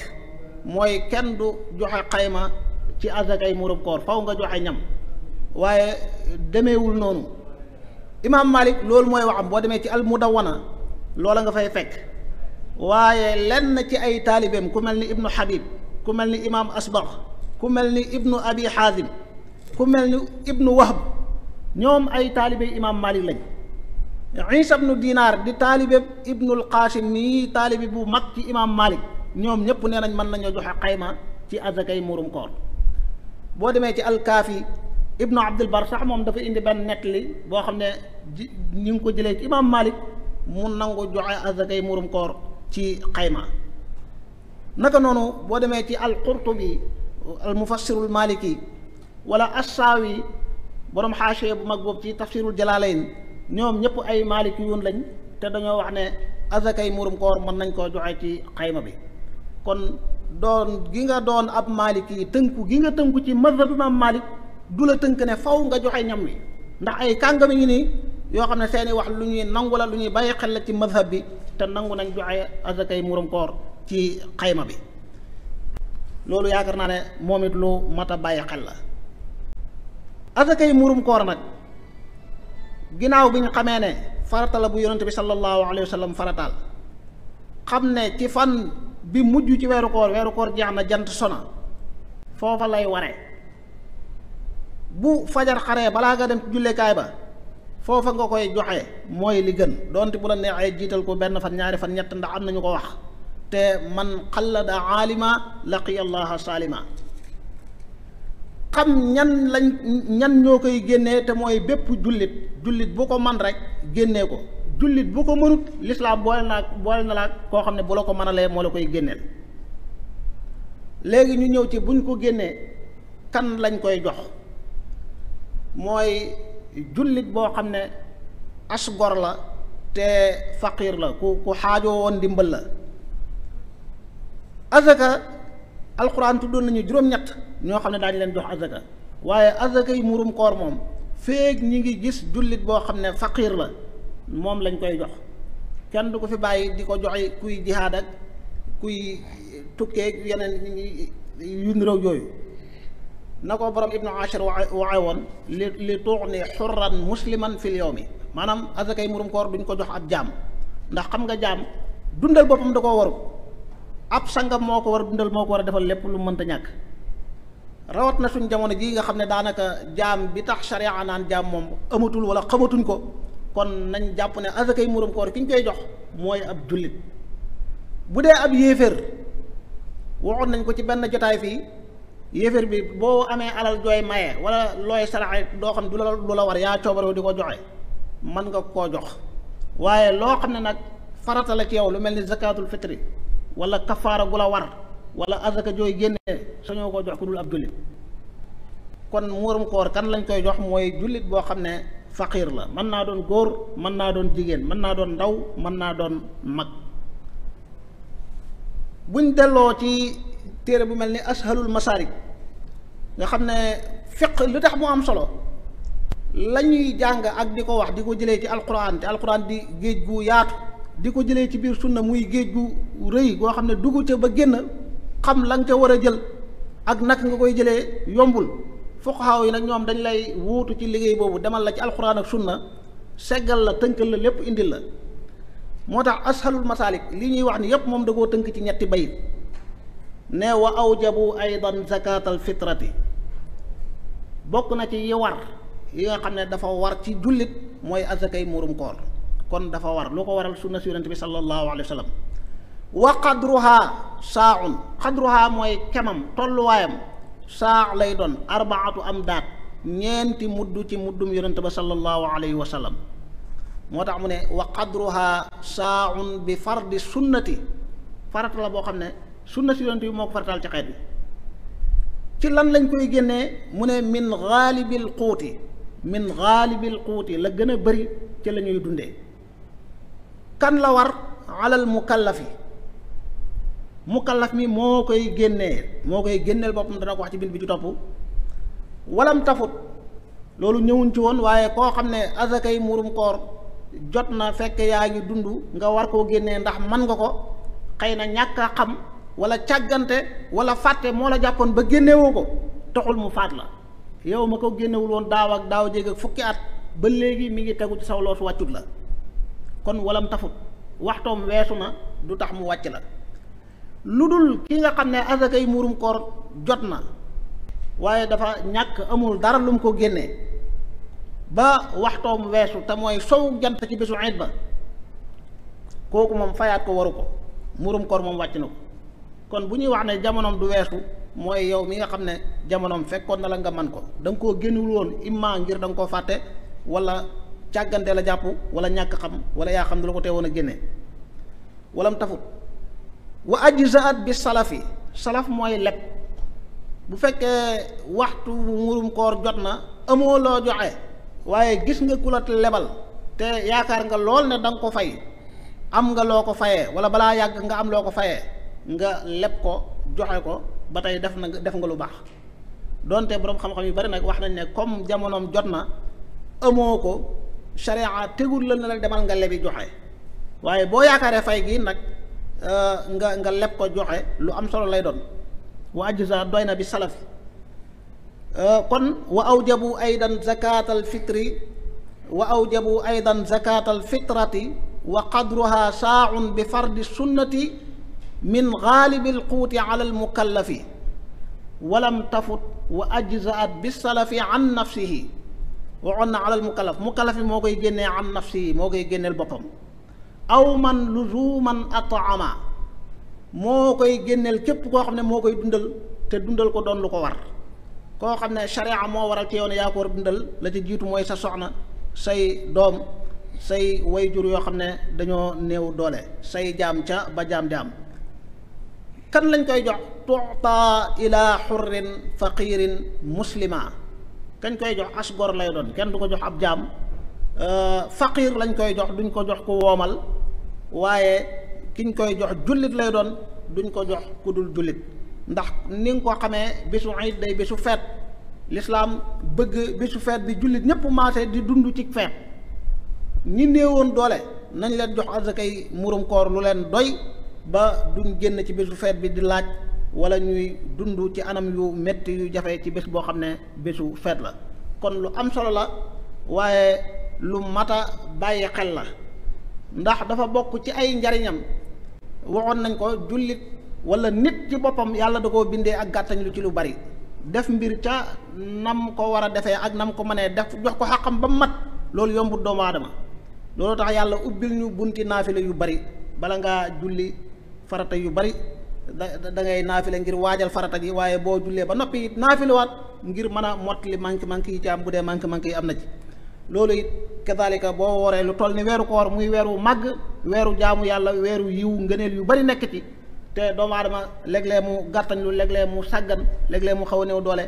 mooy kenn du joxe xayma ci azakay murub koor faw nga joxe ñam waaye demewul noonu imaam Malik loolu mooy waxam boo demee ci al mudawana loola nga fay fekk waaye lenn ci ay taalibeem ku mel ni ibnu Habib ku mel ni imaam Asbax ku mel ni ibnu Abi Xaazim ku mel ni ibnu Wahb ñoom ay taalibe imaam Malik lañ Isa ibnu Dinaar di taalibe ibnul Qaasim nii taalibe bu mag ci imaam Malik ñoom ñëpp nee nañ mën nañoo joxe xayma ci azakay murum koor boo demee ci alkaafi ibnu abdul bar sax moom dafa indi benn nettali boo xam ne ji ñu ngi ko jëlee ci imaam malik mu nangu joxe azakay murum koor ci xayma naka noonu boo demee ci al qurtubi al mufassirul maliki wala assaawi boroom xaasee bu mag boobu ci tafsirul jalaalayn ñoom ñëpp ay maaliki yoon lañ te dañoo wax ne azakay murum koor mën nañ koo joxe ci xayma bi kon doon gi nga doon ab maalik yi tënku gi nga tënku ci mazhab imaam maalik du la tënk ne faw nga joxe ñam wi ndax ay kàngam ngi nii yoo xam ne seeni wax lu ñuy nangu la lu ñuy bàyyi xel la ci mazhab bi te nangu nañ joxe azakay murum koor ci xayma bi loolu yaakaar naa ne moom it lu mat a bàyyi xel la azakay murum koor nag ginnaaw bi ñu xamee ne farata bu yonante bi sallallahu alayhi wa sallam farataal xam ne ci fan bi mujj ci weeru koor weeru koor jeex na jant sona foofa lay ware bu fajar xaree balaa nga dem ci jullekaay ba foofa nga koy joxe mooy li gën donte bu la neex ay jiital ko benn fan ñaari fan ñett ndax am nañu ko wax te man xallada aalima laqiya allaha saalima xam ñan lañ ñan ñoo koy génnee te mooy bépp jullit jullit bu ko man rek génnee ko jullit bu ko mënut lislaam boole naa boole na laa koo xam ne bu la ko mënalee moo la koy génneel léegi ñu ñëw ci buñ ko génnee kan lañ koy jox mooy jullit boo xam ne asgor la te faqir la ku ku xaajoo woon dimbal la azaka alxuraan tuddoon nañu juróom-ñett ñoo xam ne daañu leen jox azaka waaye azaka yi murum koor moom féeg ñi ngi gis jullit boo xam ne faqir la moom lañ koy jox kenn du ko fi bàyyi di ko joxe kuy jihaad kuy tukkee yeneen yu nirow yooyu na ko borom ibnu ashar waxe woon li li tuux ni xurran musliman fil mi maanaam azakay murum koor duñ ko jox ab jaam ndax xam nga jaam dundal boppam da koo waru ab sangam moo ko war a dundal moo ko war a defal lépp lu mënta ñàkk rawat na suñ jamono ji nga xam ne daanaka jaam bi tax sharia naan jaam moom amatul wala xamatuñ ko kon nañ jàpp ne azakay murum koor ki ñu koy jox mooy ab jullit bu dee ab yéeféer waxoon nañ ko ci benn jotaay fii yéeféer bi boo amee alal jooy maye wala looy saraxe doo xam du la lu la war yaa coobarewu di ko joxe mën nga koo jox waaye loo xam ne nag farata la ci yow lu mel ni zakatul fitri wala kafaara gu la war wala azaka jooy génnee sañoo koo jox ku dul ab jullit kon muurum koor kan lañ koy jox mooy jullit boo xam ne faqiir la mën naa doon góor mën naa doon jigéen mën naa doon ndaw mën naa doon mag buñ delloo ci téere bu mel ni ashalul masarik nga xam ne fiq lu tax mu am solo la ñuy jàng ak di ko wax di ko jëlee ci alquran ci alquran di géej gu yaatu di ko jëlee ci biir sunna muy géej gu rëy goo xam ne dugg ca ba génn xam la nga ca war a jël ak naka nga koy jëlee yombul fuqahaa yi nag ñoom dañu lay wuutu ci liggéey boobu demal la ci alxuraan ak sunna seggal la tënkal la lépp indil la moo tax ashalul masaalik li ñuy wax ni yépp moom dakoo tënk ci ñetti bay ne wa awjabu aydan zakatal fitrati bokk na ci yi war yi nga xam ne dafa war ci jullit mooy azakay muurum koor kon dafa war loo ko waral sunna si yonent bi sallallahu alayhi wa sallam wa qadruha saaun qadruha mooy kemam tolluwaayam saax lay doon arbaatu am daat ñeenti mudd ci muddum yonent ba sallallahu alayhi wa moo tax mu ne wa qadruha saaun bi fardi sunnati farata la boo xam ne sunnati yonent bi moo ko farataal ci xeet bi ci lan lañ koy génnee mu ne min xaalibil xuuti min xaalibil xuuti la gën a bëri ci la dundee kan la war alal mukallafi mukallaf mi moo koy génnee moo koy génneel boppam dana ko wax ci bind bi ci topp wallam tafut loolu ñëwuñ ci woon waaye koo xam ne azakay mburum koor jot na fekk yaa ngi dund nga war koo génnee ndax man nga ko xëy na ñàkk xam wala càggante wala fàtte moo la jàppoon ba génnewoo ko taxul mu faat la yow ma ko génnewul woon daaw ak daaw jéeg ak fukki at ba léegi mi ngi tegu ci saw lootu wàccut la kon walam tafut waxtoom weesu na du tax mu wàcc la lu dul ki nga xam ne asakay muurum koor jot na waaye dafa ñàkk amul dara lu mu ko génnee ba waxtoom weesu te mooy sow jant ci bésu iid ba kooku moom fayaat ko waru ko muurum koor moom wàcc na ko kon bu ñuy wax ne jamonoom du weesu mooy yow mi nga xam ne jamonoom fekkoon na la nga man ko danga koo génnul woon imma ngir danga koo fàtte wala càggante la jàpp wala ñàkk xam wala yaa xam ne lu ko teewoon a génne mu tafut wa ajzaat bi salafi salaf mooy leb bu fekkee waxtu murum koor jot na amoo loo joxe waaye gis nga ku lebal te yaakaar nga lool ne da nga ko fay am nga loo ko fayee wala balaa yàgg nga am loo ko fayee nga leb ko joxe ko ba tey def na def nga lu baax donte boroom xam-xam yu bari nag wax nañ ne comme jamonoom jot na amoo ko sharia tegul la ne la demal nga lebi joxe waaye boo yaakaaree fay gi nag Euh, nga nga leb ko joxe lu am solo lay doon wa ajza doy na bi salaf euh, kon wa awjabu aydan zakatal fitri wa awjabu aydan zakatal fitrati wa qadruha saaun bi fardi sunnati min gaalibil quuti ala almukallafi walam tafut wa ajzaat bi salafi an nafsihi waxoon na ala mukallaf yi moo koy génnee an nafsihi moo koy génneel boppam aw man lu zu man at'ama moo koy génneel képp koo xam ne moo koy dundal te dundal ko doon lu ko war koo xam ne sharia moo waral ci yow ne yaa ko war dundal la ci jiitu mooy sa soxna say doom say wayjur yoo xam ne dañoo néew doole say jaam ca ba jaam jaam kan lañ koy jox tuuta ila xurrin faqirin muslima kañ koy jox as lay doon kenn du ko jox ab jaam Euh, faqir lañ koy jox duñ ko jox ku woomal waaye kiñ koy jox jullit lay doon duñ ko jox ku dul jullit ndax ni nga ko xamee bésu iid day bisu feet lislaam bëgg bésu feet bi jullit ñépp maase di dund ci feet ñi néewoon doole nañ leen jox azakay murum koor lu leen doy ba duñ génn ci bisu feet bi di laaj wala ñuy dund ci anam yu metti yu jafe ci bés boo xam ne bésu feet la kon lu am solo la waaye lu mat a bàyyi xel la ndax dafa bokk ci ay njariñam waxoon nañ ko jullit wala nit ci boppam yàlla da koo bindee ak gàttañ lu ci lu bari def mbir ca nam ko war a defee ak nam ko mënee def jox ko xàqam ba mat loolu yombut doomu aadama loolu tax yàlla ubbil ñu bunti naafila yu bari bala ngaa julli farata yu bari da da ngay naafila ngir waajal farata gi waaye boo jullee ba noppi it naafilawaat ngir mën a mott li manqué yi ci bu dee manqué manqué yi am na ci loolu it kadalika boo wooree lu toll ni weeru koor muy weer wu màgg weeru jaamu yàlla weeru yiw ngëneel yu bari nekk ci te doomu aadama legle mu gàttañ lu léeg mu sàggan léeg mu xaw a néew doole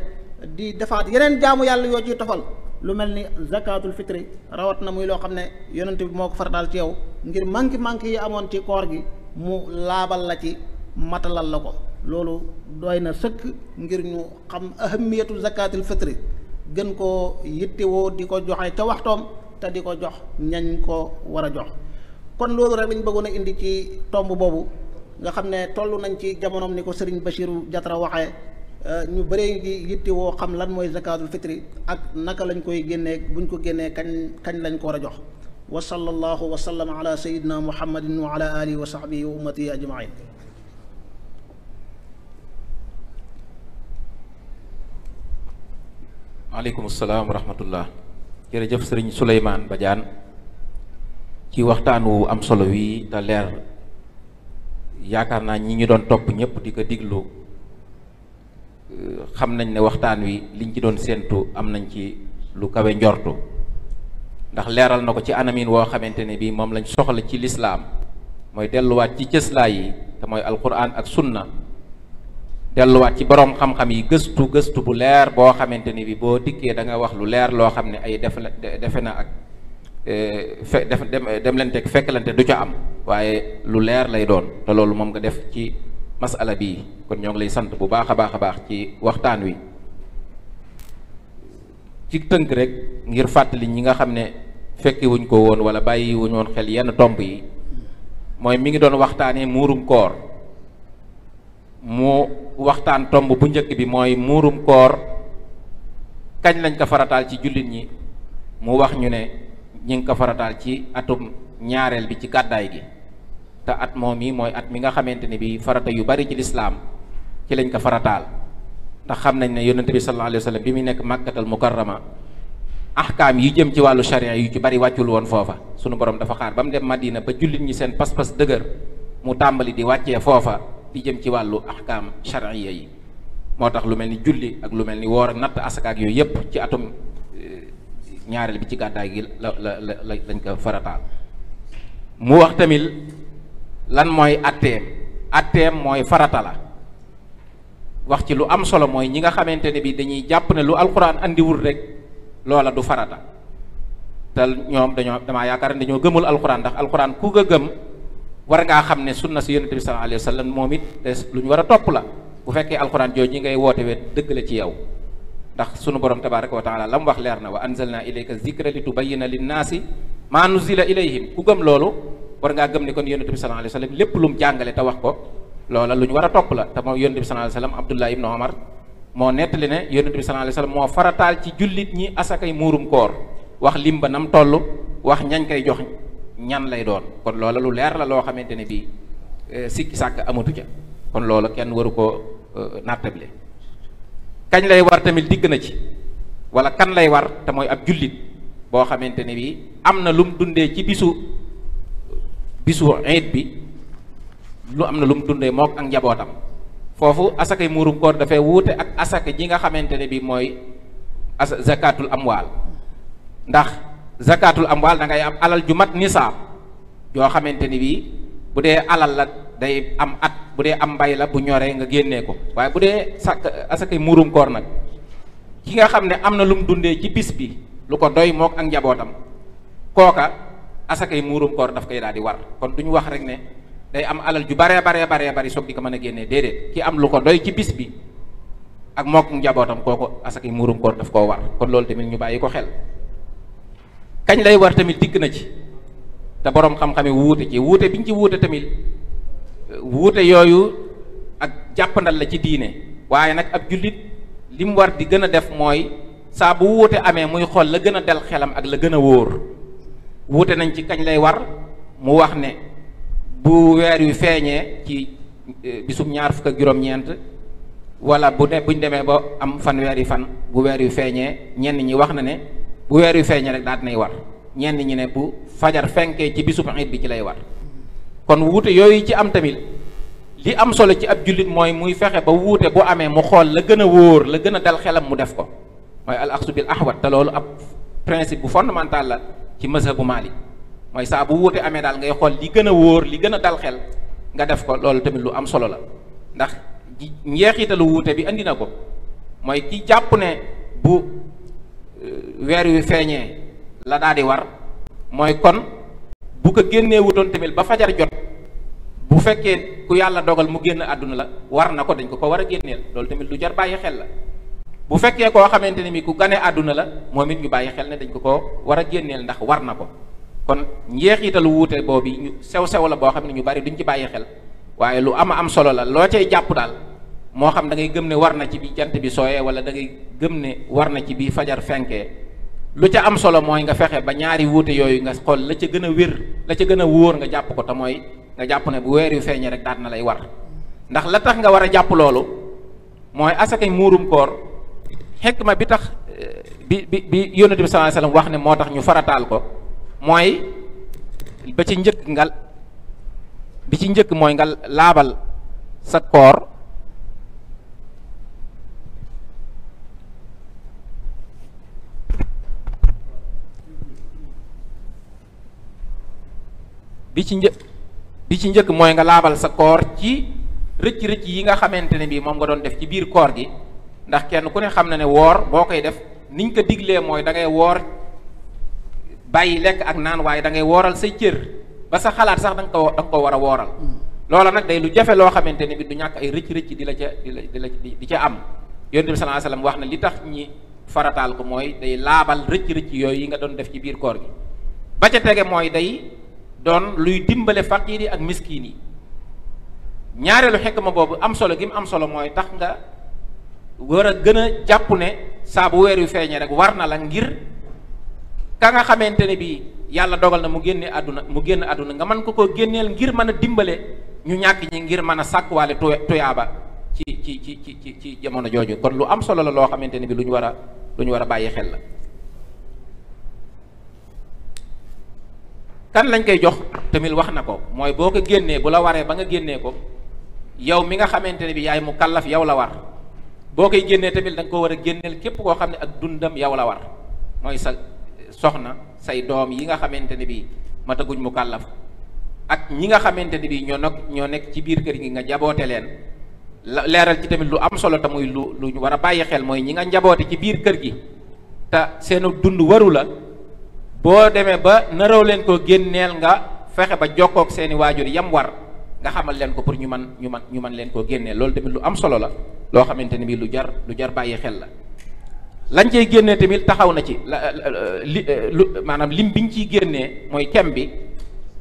di defaat yeneen jaamu yàlla yoo ci tofal lu mel ni zakatul fitri rawat na muy loo xam ne yonent bi moo ko daal ci yow ngir manqué manqué yi amoon ci koor gi mu laabal la ci matalal la ko loolu doy na sëkk ngir ñu xam ahamiyatu zakatul fitri gën koo yittewoo di ko joxe ca waxtoom te di ko jox ñañ ko war a jox kon loolu rek lañ bëggoon a indi ci tomb boobu nga xam ne toll nañ ci jamonoom ni ko sëriñ Bachirou Diatra waxee euh, ñu bëree ngi yittewoo xam lan mooy zakatul fitri ak naka lañ koy génnee buñ ko génnee kañ kañ lañ ko war a jox wa sallallahu wa sallam ala sayyidina muhammadin wa ala alihi wa sahbihi wa ummatihi ajmain maaleykum salaam wa rahmatullah jërëjëf sëriñ Souleymane Badiane ci waxtaan wu am solo wi te leer yaakaar naa ñi ñu doon topp ñëpp di ko diglu euh, xam nañ ne waxtaan wi liñ ci doon séentu am nañ ci lu kawe njortu ndax leeral na ko ci anamin woo xamante ne bii moom lañ soxla ci lislaam mooy delluwaat ci cëslaa yi te mooy alquran ak sunna delluwaat ci borom xam-xam yi gëstu gëstu bu leer boo xamante ni bi boo dikkee da nga wax lu leer loo xam ne ay def defe na ak eh, fe def dem demlanteeg du ca am waaye lu leer lay doon te loolu moom nga def ci masala bii kon ñoo ngi lay sant bu baax a baax a baax ci waxtaan wi ci tënk rek ngir fàttali ñi nga xam ne fekki wuñ ko woon wala bàyyi woon xel yenn tomb yi mooy mi ngi doon waxtaanee muurum koor mu waxtaan tomb bu njëkk bi mooy muurum koor kañ lañ ko farataal ci jullit ñi mu wax ñu ne ñi ngi ko farataal ci atum ñaareel bi ci kàddaay gi te at moom yi mooy at mi nga xamante ne bi farata yu bari ci lislaam ci lañ ko farataal ndax xam nañ ne yonent bi sallallahu alayhi wa bi muy nekk màkkatal mukarrama ahkaam yi jëm ci wàllu sharia yi ci bari wàccul woon foofa sunu borom dafa xaar ba mu dem madina ba jullit ñi seen pas-pas dëgër mu tàmbali di wàccee foofa li jëm ci wàllu ahkaam charia yi moo tax lu mel ni julli ak lu mel ni woor ak natt asaka yooyu yëpp ci atum eh, ñaareel bi ci gàddaay gi la la lañ ko farataal mu wax tamit lan mooy atteem atteem mooy farata la wax ci lu am solo mooy ñi nga xamante ne bi dañuy jàpp ne lu alxuraan indiwul rek loola du farata te ñoom dañoo damaa yaakaar ne dañoo gëmul alxuraan ndax alxuraan ku ko gëm war ngaa xam ne sunna si yonente bi sallallahu alayhi wa moom it lu ñu war a topp la bu fekkee alxuraan ñi ngay woote wet dëgg la ci yow ndax sunu borom tabaraka wa taala la mu wax leer na wa anzalna ilayka zikra li tubayyina linnaasi maa nuzila ilayhim ku gëm loolu war ngaa gëm ne kon yonente bi sallallahu alayhi wa lépp lu mu jàngale te wax ko loola lu ñu war a topp la te moom yonente bi sallallahu alayhi wa sallam Abdullah ibnu Omar moo nettali ne yonente bi sallallahu alayhi wa moo farataal ci jullit ñi asakay muurum koor wax lim ba nam toll wax ñañ koy jox ñan lay doon kon loola lu leer la loo xamante ne bii eh, sikki sàkk amatu ca kon loola kenn waru ko eh, nattable kañ lay war tamit digg na ci wala kan lay war te mooy ab jullit boo xamante ne bii am na lu mu dundee ci bisu bisu eid bi lu am na lu mu dundee mook ak njabootam foofu asakay muurum koor dafay wuute ak asaka ji nga xamante ne bii mooy as zakatul amwaal ndax zakatul amwal da ngay am alal ju mat nisaab yoo xamante ni bii bu dee alal la day am at bu dee am mbay la bu ñoree nga génnee ko waaye bu dee sak asakay muurum koor nag ki nga xam ne am na lu mu dundee ci bis bi lu ko doy mook ak njabootam kooka asakay muurum daf koy daal di war kon du ñu wax rek ne day am alal ju bare baree baree bari soog di ko mën a génnee déedéet ki am lu ko doy ci bis bi ak mook njabootam kooku asakay muurum koor daf koo war kon loolu tamit ñu bàyyi ko xel kañ lay war tamit dikk na ci te boroom xam-xam wuute ci wuute bi ñu ci wuute tamit wuute yooyu ak jàppandal la ci diine waaye nag ab jullit li mu war di gën a def mooy saa bu wuute amee muy xool la gën a del xelam ak la gën a wóor wuute nañ ci kañ lay war mu wax ne bu weer yu feeñee ci e, bisum ñaar fukk ak juróom-ñeent wala bu ne buñ demee ba am fan weer yi fan bu weer yu feeñee ñenn ñi wax na ne bu weer yu feeñee rek daal dinay war ñenn ñi ne bu fajar fenkee ci bisub iid bi ci lay war kon wuute yooyu ci am tamit li am solo ci ab jullit mooy muy fexe ba wuute bu amee mu xool la gën wóor la gën a dal xelam mu def ko mooy al axsu bil ahwat te loolu ab principe bu fondamental la ci mazhabu Maalik mooy saa wuute amee daal ngay xool li gën a wóor li gën a dal xel nga def ko loolu tamit lu am solo la ndax njeexitalu wuute bi indi na ko mooy ki jàpp ne bu Euh, weer wi feeñee la daal di war mooy kon bu ko génnee wutoon tamit ba fajar jot bu fekkee ku yàlla dogal mu génn àdduna la war na ko dañ ko ko war a génneel loolu tamit lu jar bàyyi xel la bu fekkee koo xamante ne mi ku gane àdduna la moom it ñu bàyyi xel ne dañ ko ko war a génneel ndax war na ko kon njeexitalu wuute boobu ñu sew sew la boo xam ne ñu bari duñ ci bàyyi xel waaye lu ama am solo la loo cay jàpp daal moo xam da ngay gëm ne war na ci bi jant bi sooyee wala da ngay gëm ne war na ci bi fajar fenkee lu ca am solo mooy nga fexe ba ñaari wuute yooyu nga xool la ca gën a wér la ca gën a wóor nga jàpp ko te mooy nga jàpp ne bu weer yu feeñee rek daal na lay war ndax la tax nga war a jàpp mooy asakay muurum koor ma bi tax eh, bi bi bi yonent bi sallallahu alayhi wax ne moo tax ñu farataal ko mooy ba ci njëkk ngal bi ci njëkk mooy nga laabal sa koor bi ci njëkk bi ci njëkk mooy nga laabal sa koor ci rëcc-rëcc yi nga xamante ne bii moom nga doon def ci biir koor gi ndax kenn ku ne xam na ne woor boo koy def niñ ko diglee mooy da ngay woor bàyyi lekk ak naan waaye da wooral say cër ba sa xalaat sax da ko da nga war a wooral mm. loola nag day lu jafe loo xamante ne bi du ñàkk ay rëcc-rëcc di la ca di la di la di ca am yonent bi sallallahu wax na li tax ñi farataal ko mooy day laabal rëcc-rëcc yooyu yi nga doon def ci biir koor gi ba ca tege doon luy dimbale faqiir ak miskiin yi ñaareelu xekk xikma boobu am solo gi mu am solo mooy tax nga war a gën a jàpp ne saabu weer yu feeñee rek war na la ngir ka nga xamante ne bii yàlla dogal na mu génne àdduna mu génn àdduna nga mën ko ko génneel ngir mën a dimbale ñu ñàkk ñi ngir mën a sàkkuwaale tuyaaba ci ci ci ci ci jamono jooju kon lu am solo la loo xamante ne bii lu ñu war a lu ñu war a bàyyi xel la. kan lañ koy jox tamit wax na ko mooy boo ko génnee bu la waree ba nga génnee ko yow mi nga xamante ne bi yaay mu kallaf yow la war boo koy génnee tamit da nga ko war a génneel képp koo xam ne ak dundam yow la war mooy sa soxna say doom yi nga xamante ne bi mataguñ mu kallaf ak ñi nga xamante ni bi ñoo nag ñoo nekk ci biir kër gi nga jaboote leen la leeral ci tamit lu am solo te muy lu lu ñu war a bàyyi xel mooy ñi nga njaboote ci biir kër gi te seenu dund waru la boo demee ba naraw leen koo génneel nga fexe ba jokkook seeni waajur yam war nga xamal leen ko pour ñu man ñu man ñu man leen koo génneel loolu tamit lu am solo la loo xamante ni bii lu jar lu jar bàyyi xel la lañ cay génnee tamit taxaw na ci li eh, lu maanaam lim biñ ciy génnee mooy tem bi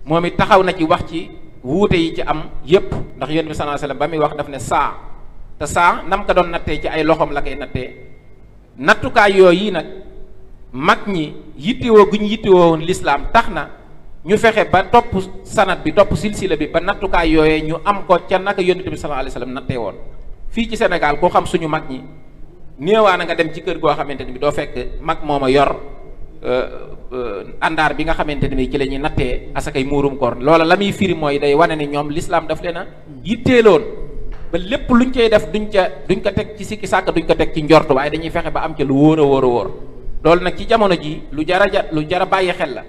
moom it taxaw na ci wax ci wuute yi ci am yépp ndax yonent bi sallallahu alayhi ba muy wax daf ne saa te saa nam ko doon nattee ci ay loxoom la koy nattee nattukaay yooyu nag mag ñi yittewoo gu ñu yittewoo lislaam tax na ñu fexe ba topp sanat bi topp silsila bi ba nattukaay yooyee ñu am ko ca naka yonent bi sallallahu alayhi wasallam nattee woon fii ci Sénégal koo xam suñu mag ñi néewaa na nga dem ci kër goo xamante ni bi doo fekk mag moom a yor euh, euh, àndaar bi nga xamante ne bi ci la ñuy nattee asakay muurum koor loola la muy firi mooy day wane ne ñoom lislaam daf leen a yitteeloon ba lépp luñ cay def duñ ca duñ ko teg ci sikki sàkk ko teg ci njort waaye dañuy fexe ba am ca lu wóor a wóor a loolu nag ci jamono ji lu jara ja lu jara bàyyi xel la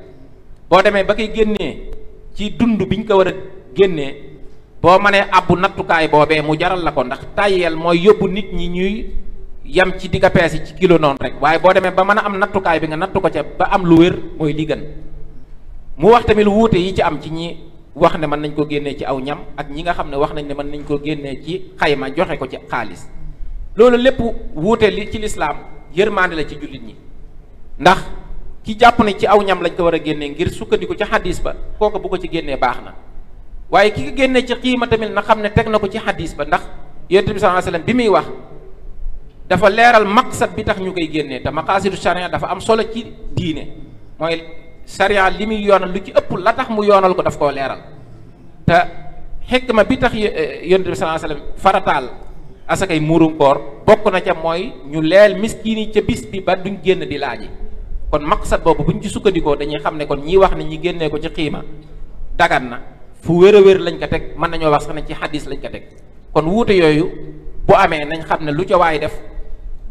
boo demee ba koy génnee ci dund biñ ko war a génnee boo mënee abbu nattukaay boobee mu jaral la ko ndax tàyyeel mooy yóbbu nit ñi ñuy yam ci digga pees yi ci kilo noonu rek waaye boo demee ba mën a am nattukaay bi nga nattu ko ca ba am lu wér mooy li gën mu wax tamit lu wuute yi ci am ci ñi wax ne mën nañ ko génnee ci aw ñam ak ñi nga xam ne wax nañ ne mën nañ koo génnee ci xayma joxe ko ci xaalis loolu lépp wuute li ci lislaam yërmaande la ci jullit ñi ndax ki jàpp na ci aw ñam lañ ko war a génnee ngir sukkandiku ci xadis ba kooka bu ko ci génnee baax na waaye ki ko génnee ci xiima tamit na xam ne teg na ko ci xadis ba ndax yonent bi sallallahu alayhi wasallam bi muy wax dafa leeral maqsad bi tax ñu koy génnee te maqaasidu sharia dafa am solo ci diine mooy sharia li muy yoonal lu ci ëpp la tax mu yoonal ko daf koo leeral te ma bi tax yonent bi sallallahu alayhi wasallam farataal asakay muurum koor bokk na ca mooy ñu leel miskin yi ca bis bi ba duñ génn di laaj laaji kon maqsad boobu ñu ci sukkandikoo dañuy xam ne kon ñii wax ne ñi génnee ko ci xiima dagan na fu wér a wér lañ ko teg mën nañoo wax sax ne ci xadis lañ ko teg kon wuute yooyu bu amee nañ xam ne lu ca waay def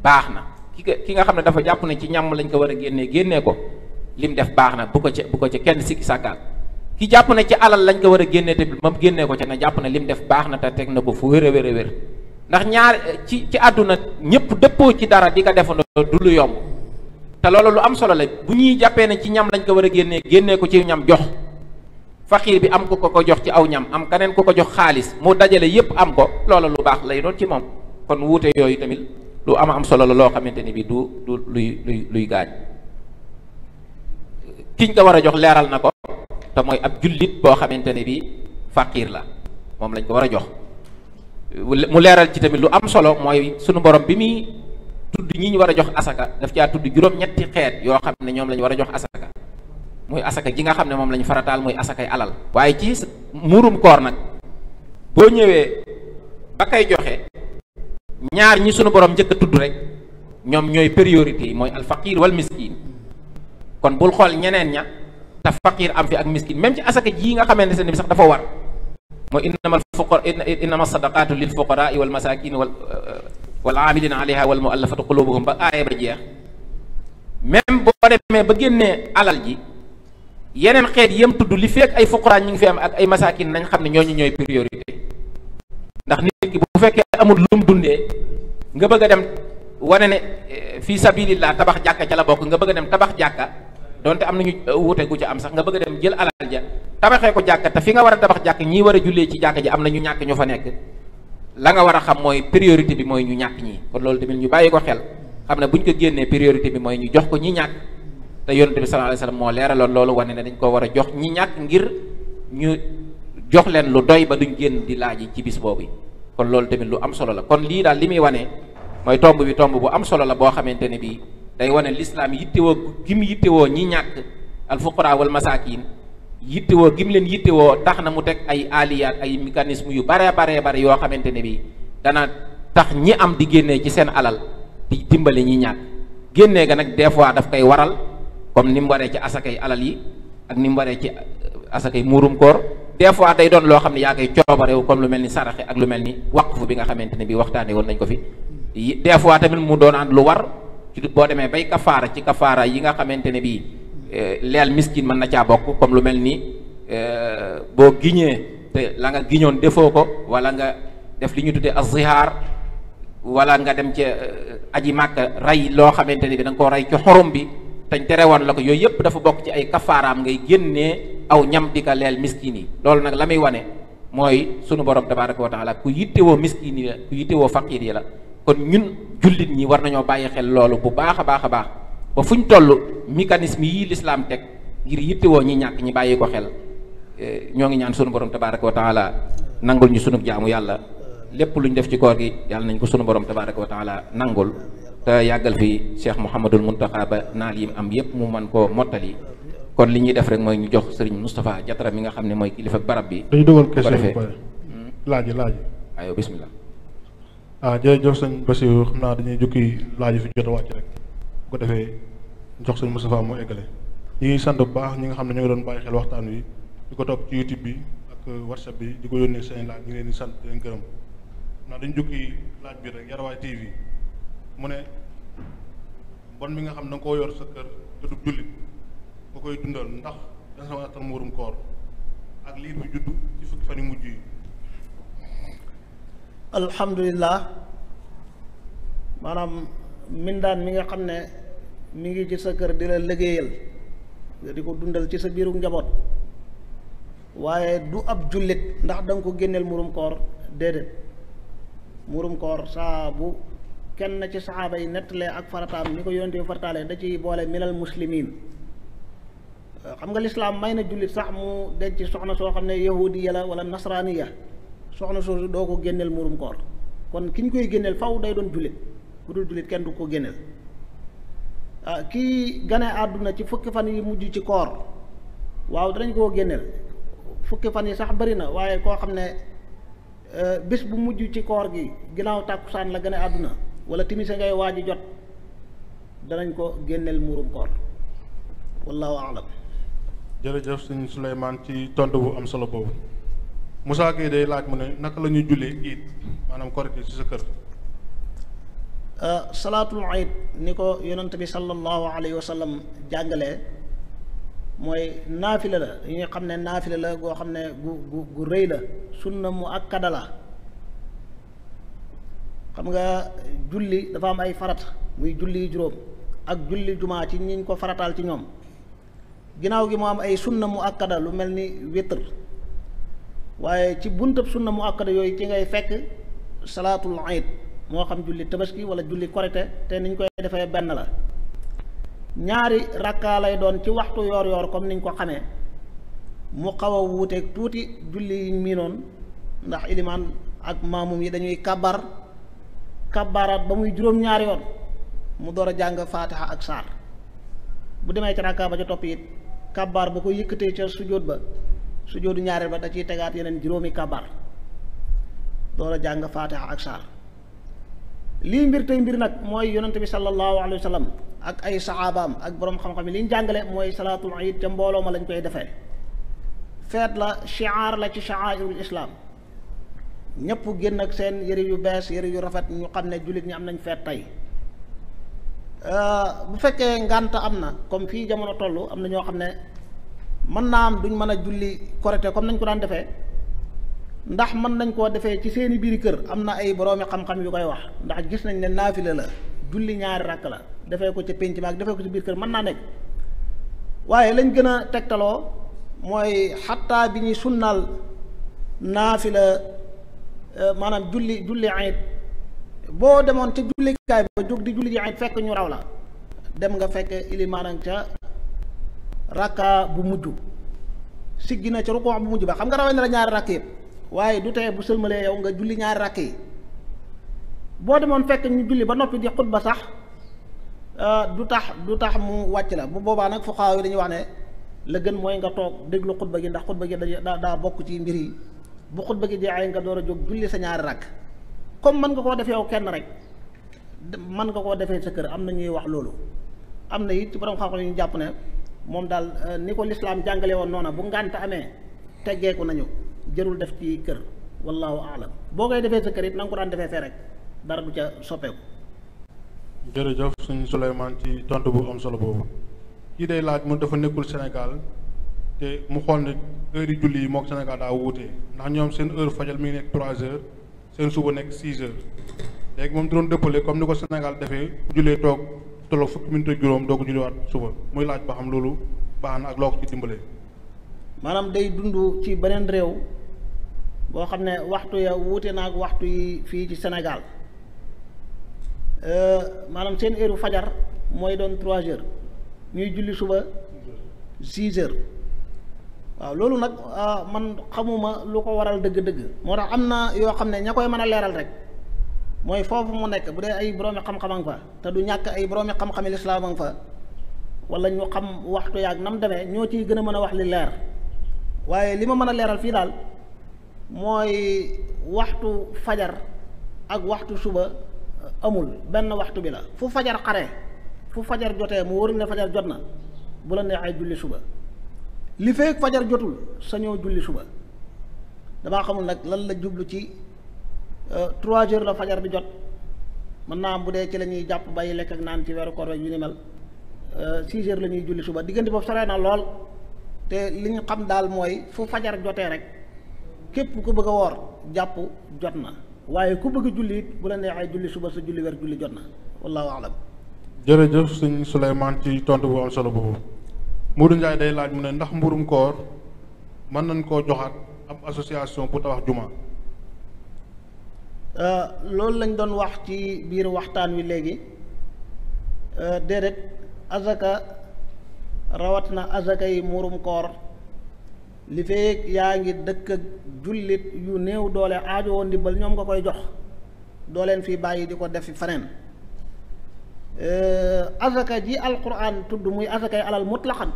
baax na ki ki nga xam ne dafa jàpp ne ci ñàmm lañ ko war a génnee génnee ko lim def baax na bu ko ca bu ko ca kenn sikki sàkkaat ki jàpp na ci alal lañ ko war a génnee te moom génnee ko ca na jàpp na li mu def baax na te teg na ko fu wér a wér ndax ñaar ci ci àdduna ñëpp dëppoo ci dara di ko defandoo du lu yomb te loolu lu am solo la bu ñuy jàppee na ci ñam lañ ko war a génnee génnee ko ci ñam jox faqiir bi am ko ko ko jox ci aw ñam am keneen ko ko jox xaalis moo dajale yépp am ko loolu lu baax lay doon ci moom kon wuute yooyu tamit lu am am solo la loo xamante ni bi du du luy luy luy gaañ kiñ ko war a jox leeral na ko te mooy ab jullit boo xamante ne bi faqiir la moom lañ ko war a jox mu leeral ci tamit lu am solo mooy sunu borom bi muy tudd ñi ñu war a jox asaka daf caa tudd juróom-ñetti xeet yoo xam ne ñoom la ñu war a jox asaka muy asaka ji nga xam ne moom la farataal muy asakay alal waaye ci muurum koor nag boo ñëwee ba kay joxe ñaar ñi sunu borom njëkk a tudd rek ñoom ñooy priorité yi mooy alfaqir wal miskin kon bul xool ñeneen ña te faqir am fi ak miskin même ci asaka ji nga xamante ne bi sax dafa war mooy innama al fuqara innama sadaqatu lil fuqaraa wal masakin uh, wal wal aamilina alayha wal muallafatu qulubuhum ba aaya ba jeex même boo demee ba génnee alal ji yeneen xeet yem tudd li fekk ay fuqaraa ñu ngi fi am ak ay masakin nañ xam ne ñooñu ñooy priorité ndax nit ki bu fekkee amul lu mu dundee nga bëgg a dem wane ne eh, fii sabilillah tabax jàkka ca la bokk nga bëgg a dem tabax jàkka donte am nañu euh, wuute gu ci am sax nga bëgg a dem jël alal ja tabaxee ko jàkka te fi nga war a tabax jàkk ñii war a jullee ci jàkka ji am na ñu ñàkk ñu fa nekk la nga war a xam mooy priorité bi mooy ñu ñàkk ñi kon loolu tamit ñu bàyyi ko xel xam ne bu ñu ko génnee priorité bi mooy ñu jox ko ñi ñàkk te yonent bi sallallahu alayhi wasallam moo leeraloon loolu wane ne dañ koo war a jox ñi ñàkk ngir ñu jox leen lu doy ba duñu génn di laaj ci bis boobu kon loolu tamit lu am solo la kon lii daal li muy wane mooy tomb bi tomb bu am solo la boo xamante ne bii day wane lislaam yittewoo gim yittewoo ñi ñàkk alfuqara wal masaakin woo gim leen woo tax na mu teg ay aliyaat ay mécanisme yu bare bare bare yoo xamante ne bi dana tax ñi am di génnee ci seen alal di dimbale ñi ñàkk génnee ga nag des fois daf koy waral comme ni mu waree ci asakay alal yi ak ni mu waree ci euh, asakay muurum koor des fois day doon loo xam ne yaa koy coobarewu comme lu mel ni saraxe ak lu mel ni waqfu bi nga xamante ne bi waxtaane woon nañ ko fi ci boo demee bay kafaara ci kafaara yi nga xamante ne bii eh, leel miskin mën na caa bokk comme lu mel ni eh, boo giñee te la nga giñoon defoo ko wala nga def li ñu tuddee azzihaar wala nga dem ca eh, aji màkk rey loo xamante ne bi da koo rey ci xorom bi teñ tere woon la ko yooyu yëpp dafa bokk ci ay kafaaraam ngay génnee aw ñam di ka leel miskin yi loolu nag la muy wane mooy sunu borom tabaraka wa taala ku yittewoo miskin yi la ku yittewoo faqir yi la kon ñun jullit ñi war nañoo bàyyi xel loolu bu baax a baax a baax ba fu ñu toll mécanisme yi lislaam teg ngir yittewoo ñi ñàkk ñi bàyyi ko xel eh, ñoo ngi ñaan sunu borom tabaaraka wa taala nangul ñu sunu jaamu yàlla lépp lu ñu def ci koor gi yàlla nañ ko sunu borom tabaaraka wa taala nangul te yàggal fi Cheikh Mouhamadul Mountakha ba naal yi am yépp mu mën koo mottali kon li ñuy def rek mooy ñu jox sëriñ Moustapha Jatara mi nga xam ne mooy kilifa barab bi. dañu dogal ah jërëjëf sëñ Bassirou xam naa dañuy jukki laaj fi jot a wàcc rek bu ko defee jox sëñ Moustapha mu eggale ñu ngi sant bu baax ñi nga xam ne ñu ngi doon bàyyi xel waxtaan wi di ko topp ci YouTube bi ak WhatsApp bi di ko yónnee seen laaj ñu leen di sant seen leen gërëm naa dañu jukki laaj bi rek Yarawaay TV mu ne bon mi nga xam ne ko yor sa kër jullit nga koy dundal ndax dana sa waxtaan mu warum koor ak liir bi juddu ci fan yu mujj yi alhamdulilah maanaam mindaan mi nga xam ne mi ngi ci sa kër di la liggéeyal nga di ko dundal ci sa biiru njaboot waaye du ab jullit ndax da ko génneel murum koor déedéet murum koor saa bu kenn ci saxaaba yi nettalee ak farataam ni ko yonent bi farataalee da ciy boole minal muslimin xam nga lislaam may na jullit sax mu denc soxna soo xam ne yahudiya la wala nasraaniya soxna soosu doo ko génneel muurum koor kon ki ñu koy génneel faw day doon jullit bu dul jullit kenn du ko génneel ah kii gane àdduna ci fukki fan yi mujj ci koor waaw danañ koo génneel fukki fan yi sax bari na waaye koo xam ne euh, bés bu mujj ci koor gi ginnaaw tàkkusaan la gane àdduna wala timise ngay waaj a jot danañ ko génneel mburum koor wallahu aalam jërëjëf sëñ Souleymane ci tontu bu am solo boobu Moussa Gueye day laaj mu ne naka la ñuy jullee iid maanaam korite ci sa kër euh, salaatul iid ni ko yonent bi sallallahu alayhi wa sallam mooy naafila la yi nga xam ne naafila la goo xam ne gu gu gu rëy la sunna mu akkada la xam nga julli dafa am ay farat muy julli juróom ak julli jumaa ci ñiñ ko farataal ci ñoom ginnaaw gi mu am ay sunna mu akkada lu mel ni witr waaye ci bunt buntab sunna mu akkada yooyu ci ngay fekk salaatul iid moo xam julli tabaski wala julli korite te niñ koy defee benn la ñaari rakkaa lay doon ci waxtu yoor yoor comme niñ ko xamee mu xaw a wuuteeg tuuti julli yi miinoon ndax ilimaan ak maamum yi dañuy kabar kabaaraat ba muy juróom-ñaari yoon mu door a jàng faatiha ak saar bu demee ci rakkaa ba ca topp it kabaar bu ko yëkkatee ca sujjóot ba sujjóotu ñaareel ba da ciy tegaat yeneen juróomi kabar door a jàng faatiha ak saar lii mbir tey mbir nag mooy yonent bi sallallahu alayhi ak ay saxaabaam ak borom xam yi li jàngale mooy salaatul iid ca mbooloo ma lañ koy defee feet la shiaar la ci shaairul islaam ñëpp génn ak seen yëri yu bees yëri yu rafet ñu xam ne jullit ñi am nañ feet tey euh, bu fekkee ngànt am na comme fii jamono toll am na ñoo xam ne mën naa am duñ mën a julli korite comme nañ ko daan defee ndax mën nañ koo defee ci seeni biir kër am na ay boroomi xam-xam yu koy wax ndax gis nañ ne naafila la julli ñaari ràkk la defee ko ca pénc maag defee ko ci biir kër mën naa nekk waaye lañ gën a tegtaloo mooy xattaa bi ñuy sunnaal la euh, maanaam julli julli ayit boo demoon ca jullikaay ba jóg di julli ji ayit fekk ñu raw la dem nga fekk ilimaan ca rakka bu mujj siggi na ca rukoo bu mujj ba xam nga rawee na la ñaari rakk yëpp waaye du tee bu sëlmalee yow nga julli ñaari rakk yi boo demoon fekk ñu julli ba noppi di xutba sax euh, du tax du tax mu wàcc la bu boobaa nag fuqaaw yi dañuy wax ne la gën mooy nga toog déglu xutba gi ndax xutba gi da daa bokk ci mbir yi bu xutba gi jeexee nga door a jóg julli sa ñaari ràkk comme mën nga koo defee kenn rek mën nga koo defee sa kër am na ñuy wax loolu am na it borom xam ñu jàpp ne. moom daal euh, ni ko lislaam jàngale woon noona bu ngànt amee teggeeku nañu jërul def ci kër wallaahu aalam boo koy defee sa kër it ko daan defee fee rek dara du ca soppeeku jërëjëf suñ Souleymane ci tontu bu am solo boobu kii day laaj mu dafa nekkul Sénégal te mu xool ne heure yi julli yi mook Sénégal daa wuute ndax ñoom seen heure fajal mi ngi nekk trois heures seen suba nekk six heures léegi moom du doon dëppale comme ni ko Sénégal defee jullee toog tolloog fukki minute ak juróom doo ko julliwaat suba muy laaj ba xam loolu baax na ak loo ko ci dimbalee. maanaam day dund ci beneen réew boo xam ne waxtu ya wuute na ak waxtu yi fii ci Sénégal euh, maanaam seen heure fajar mooy doon trois heures ñuy julli suba six heures waaw loolu nag ah, man xamuma lu ko waral dëgg-dëgg moo tax am na yoo xam ne ña koy mën a leeral rek. mooy foofu mu nekk bu dee ay boroomi xam-xam fa te du ñàkk ay boroomi xam-xami lislaam fa wala ñu xam waxtu yaag nam demee ñoo ciy gën a mën a wax li leer waaye li ma mën a leeral fii daal mooy waxtu fajar ak waxtu suba amul benn waxtu bi la fu fajar xare fu fajar jotee mu wóor ne fajar jot na bu la ay julli suba li feek fajar jotul sañoo julli suba damaa xamul nag lan la jublu ci trois heures la fajar bi jot mën naa bu dee ci la ñuy jàpp bàyyi lekk ak naan ci weeru koor yu ni mel euh, six heures la ñuy julli suba diggante boobu soree na lool te li ñu xam daal mooy fu fajar jotee rek képp ku bëgg a woor jàpp jot na waaye ku bëgg a julli it bu la neexee julli suba sa julli weer julli jot na wallaahu alam. jërëjëf sëñ Souleymane ci tontu bu am solo boobu Modou Ndiaye day laaj mu ne ndax mburum koor mën nañ koo joxaat ab association bu tabax juma. Euh, loolu lañ doon wax ci biir waxtaan wi léegi euh, déedéet azaka rawat na azaka yi murum koor li fee yaa ngi dëkk ak jullit yu néew doole aajowoo ndimbal ñoom nga koy jox doo leen fii bàyyi di ko def faneen euh, azaka ji alquran tudd muy azaka yi alal mutlaqan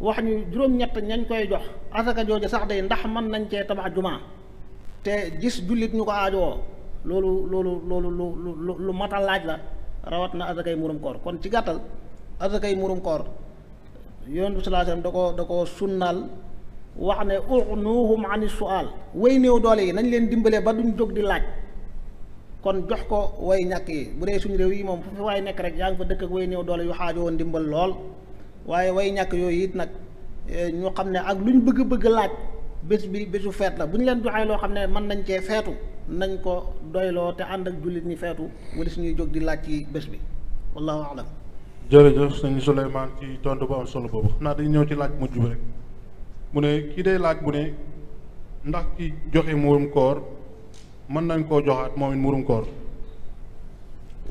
wax ñu juróom-ñett ñañ koy jox azaka jooju sax day ndax mën nañ cee tabax jumaa te gis jullit ñu ko aajowoo loolu loolu loolu lu lu lu laaj la rawat na azakay murum koor kon ci gàttal azakay murum koor yoon bi sallallahu alayhi wasallam da ko da ko sunnaal wax ne unuhum ani sual way néew doole yi nañ leen dimbalee ba duñ jóg di laaj kon jox ko way ñàkk yi bu dee suñu réew yi moom fu fi waay nekk rek yaa ngi fa dëkk ak way néew doole yu xaajowoon dimbal lool waaye way ñàkk yooyu it nag eh, ñu xam ne ak luñ bëgg-bëgg laaj bés bi bésu feet la bu ñu leen joxee loo xam ne mën nañ cee feetu nañ ko doyloo te ànd ak jullit ñi feetu wala suñuy jóg di laaj ci bés bi wallahu alam jërëjëf sëñ Souleymane ci tontu boo am solo boobu naa dañu ñëw ci laaj mujj bi rek mu ne kii laaj bu ne ndax ki joxe muurum koor mën nañ koo joxaat moom it muurum koor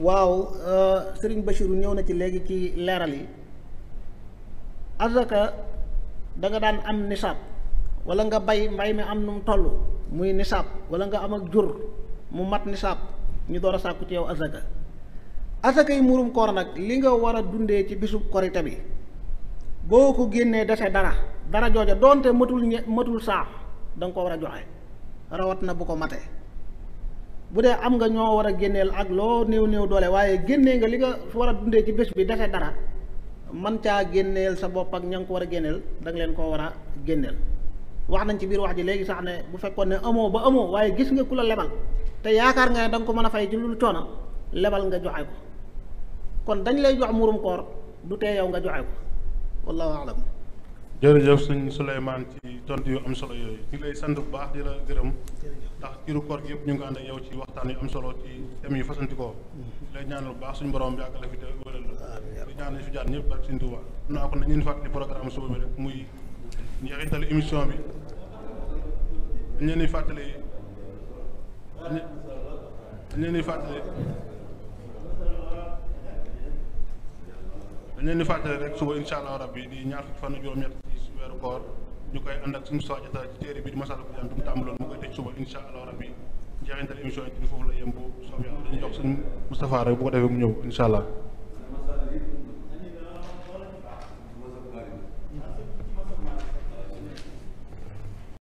waaw euh, sëriñ Bachirou ñëw na ci léegi ci leeral yi azaka danga daan am nisaab wala nga bay mbay mi am num mu toll muy nisaab wala nga am ak jur mu mat nisaab ñu door a sàkku ci yow azaka azaka yi murum koor nag li nga war a dundee ci bisub korite bi boo ko génnee dese dara dara jooja donte matul ñe matul saax da nga ko war a joxe rawat na bu ko matee bu dee am nga ñoo war a génneel ak loo néew néew doole waaye génnee nga li nga war a dundee ci bés bi dese dara man caa génneel sa bopp ak ña nga ko war a génneel da leen koo war a génneel wax nañ ci biir wax ji léegi sax ne bu fekkoon ne amoo ba amoo waaye gis nga ku la lebal te yaakaar nga ne da ko mën a fay ci lu coono lebal nga joxe ko kon dañ lay jox murum koor du tee yow nga joxe ko wallahu alam jërëjëf sëñ Souleymane ci tontu yu am solo yooyu ñu lay sant bu baax di la gërëm ndax kiiru koor gi ñu ngi ànd yow ci waxtaan yu am solo ci yu fasantikoo mm-hmm. lay ñaanal bu baax suñu borom yàgg la fi te wéral la di ñaanal su jaan ñëpp barke suñu Tuubaa naa ko nañu fàttali programme suba bi rek muy njeexital émission bi dañ leen di fàttali dañ leen di fàttali rek suba insha allah rabbi di ñaar fukki fan ak juróom-ñett ci weeru koor ñu koy ànd ak suñu soxna ci téere bi di masal bu jaan tum tàmbaloon mu koy tëj suba insha allah rabbi njeexital émission yi foofu la yem bu soob yàlla rek bu ko defee mu ñëw insha allah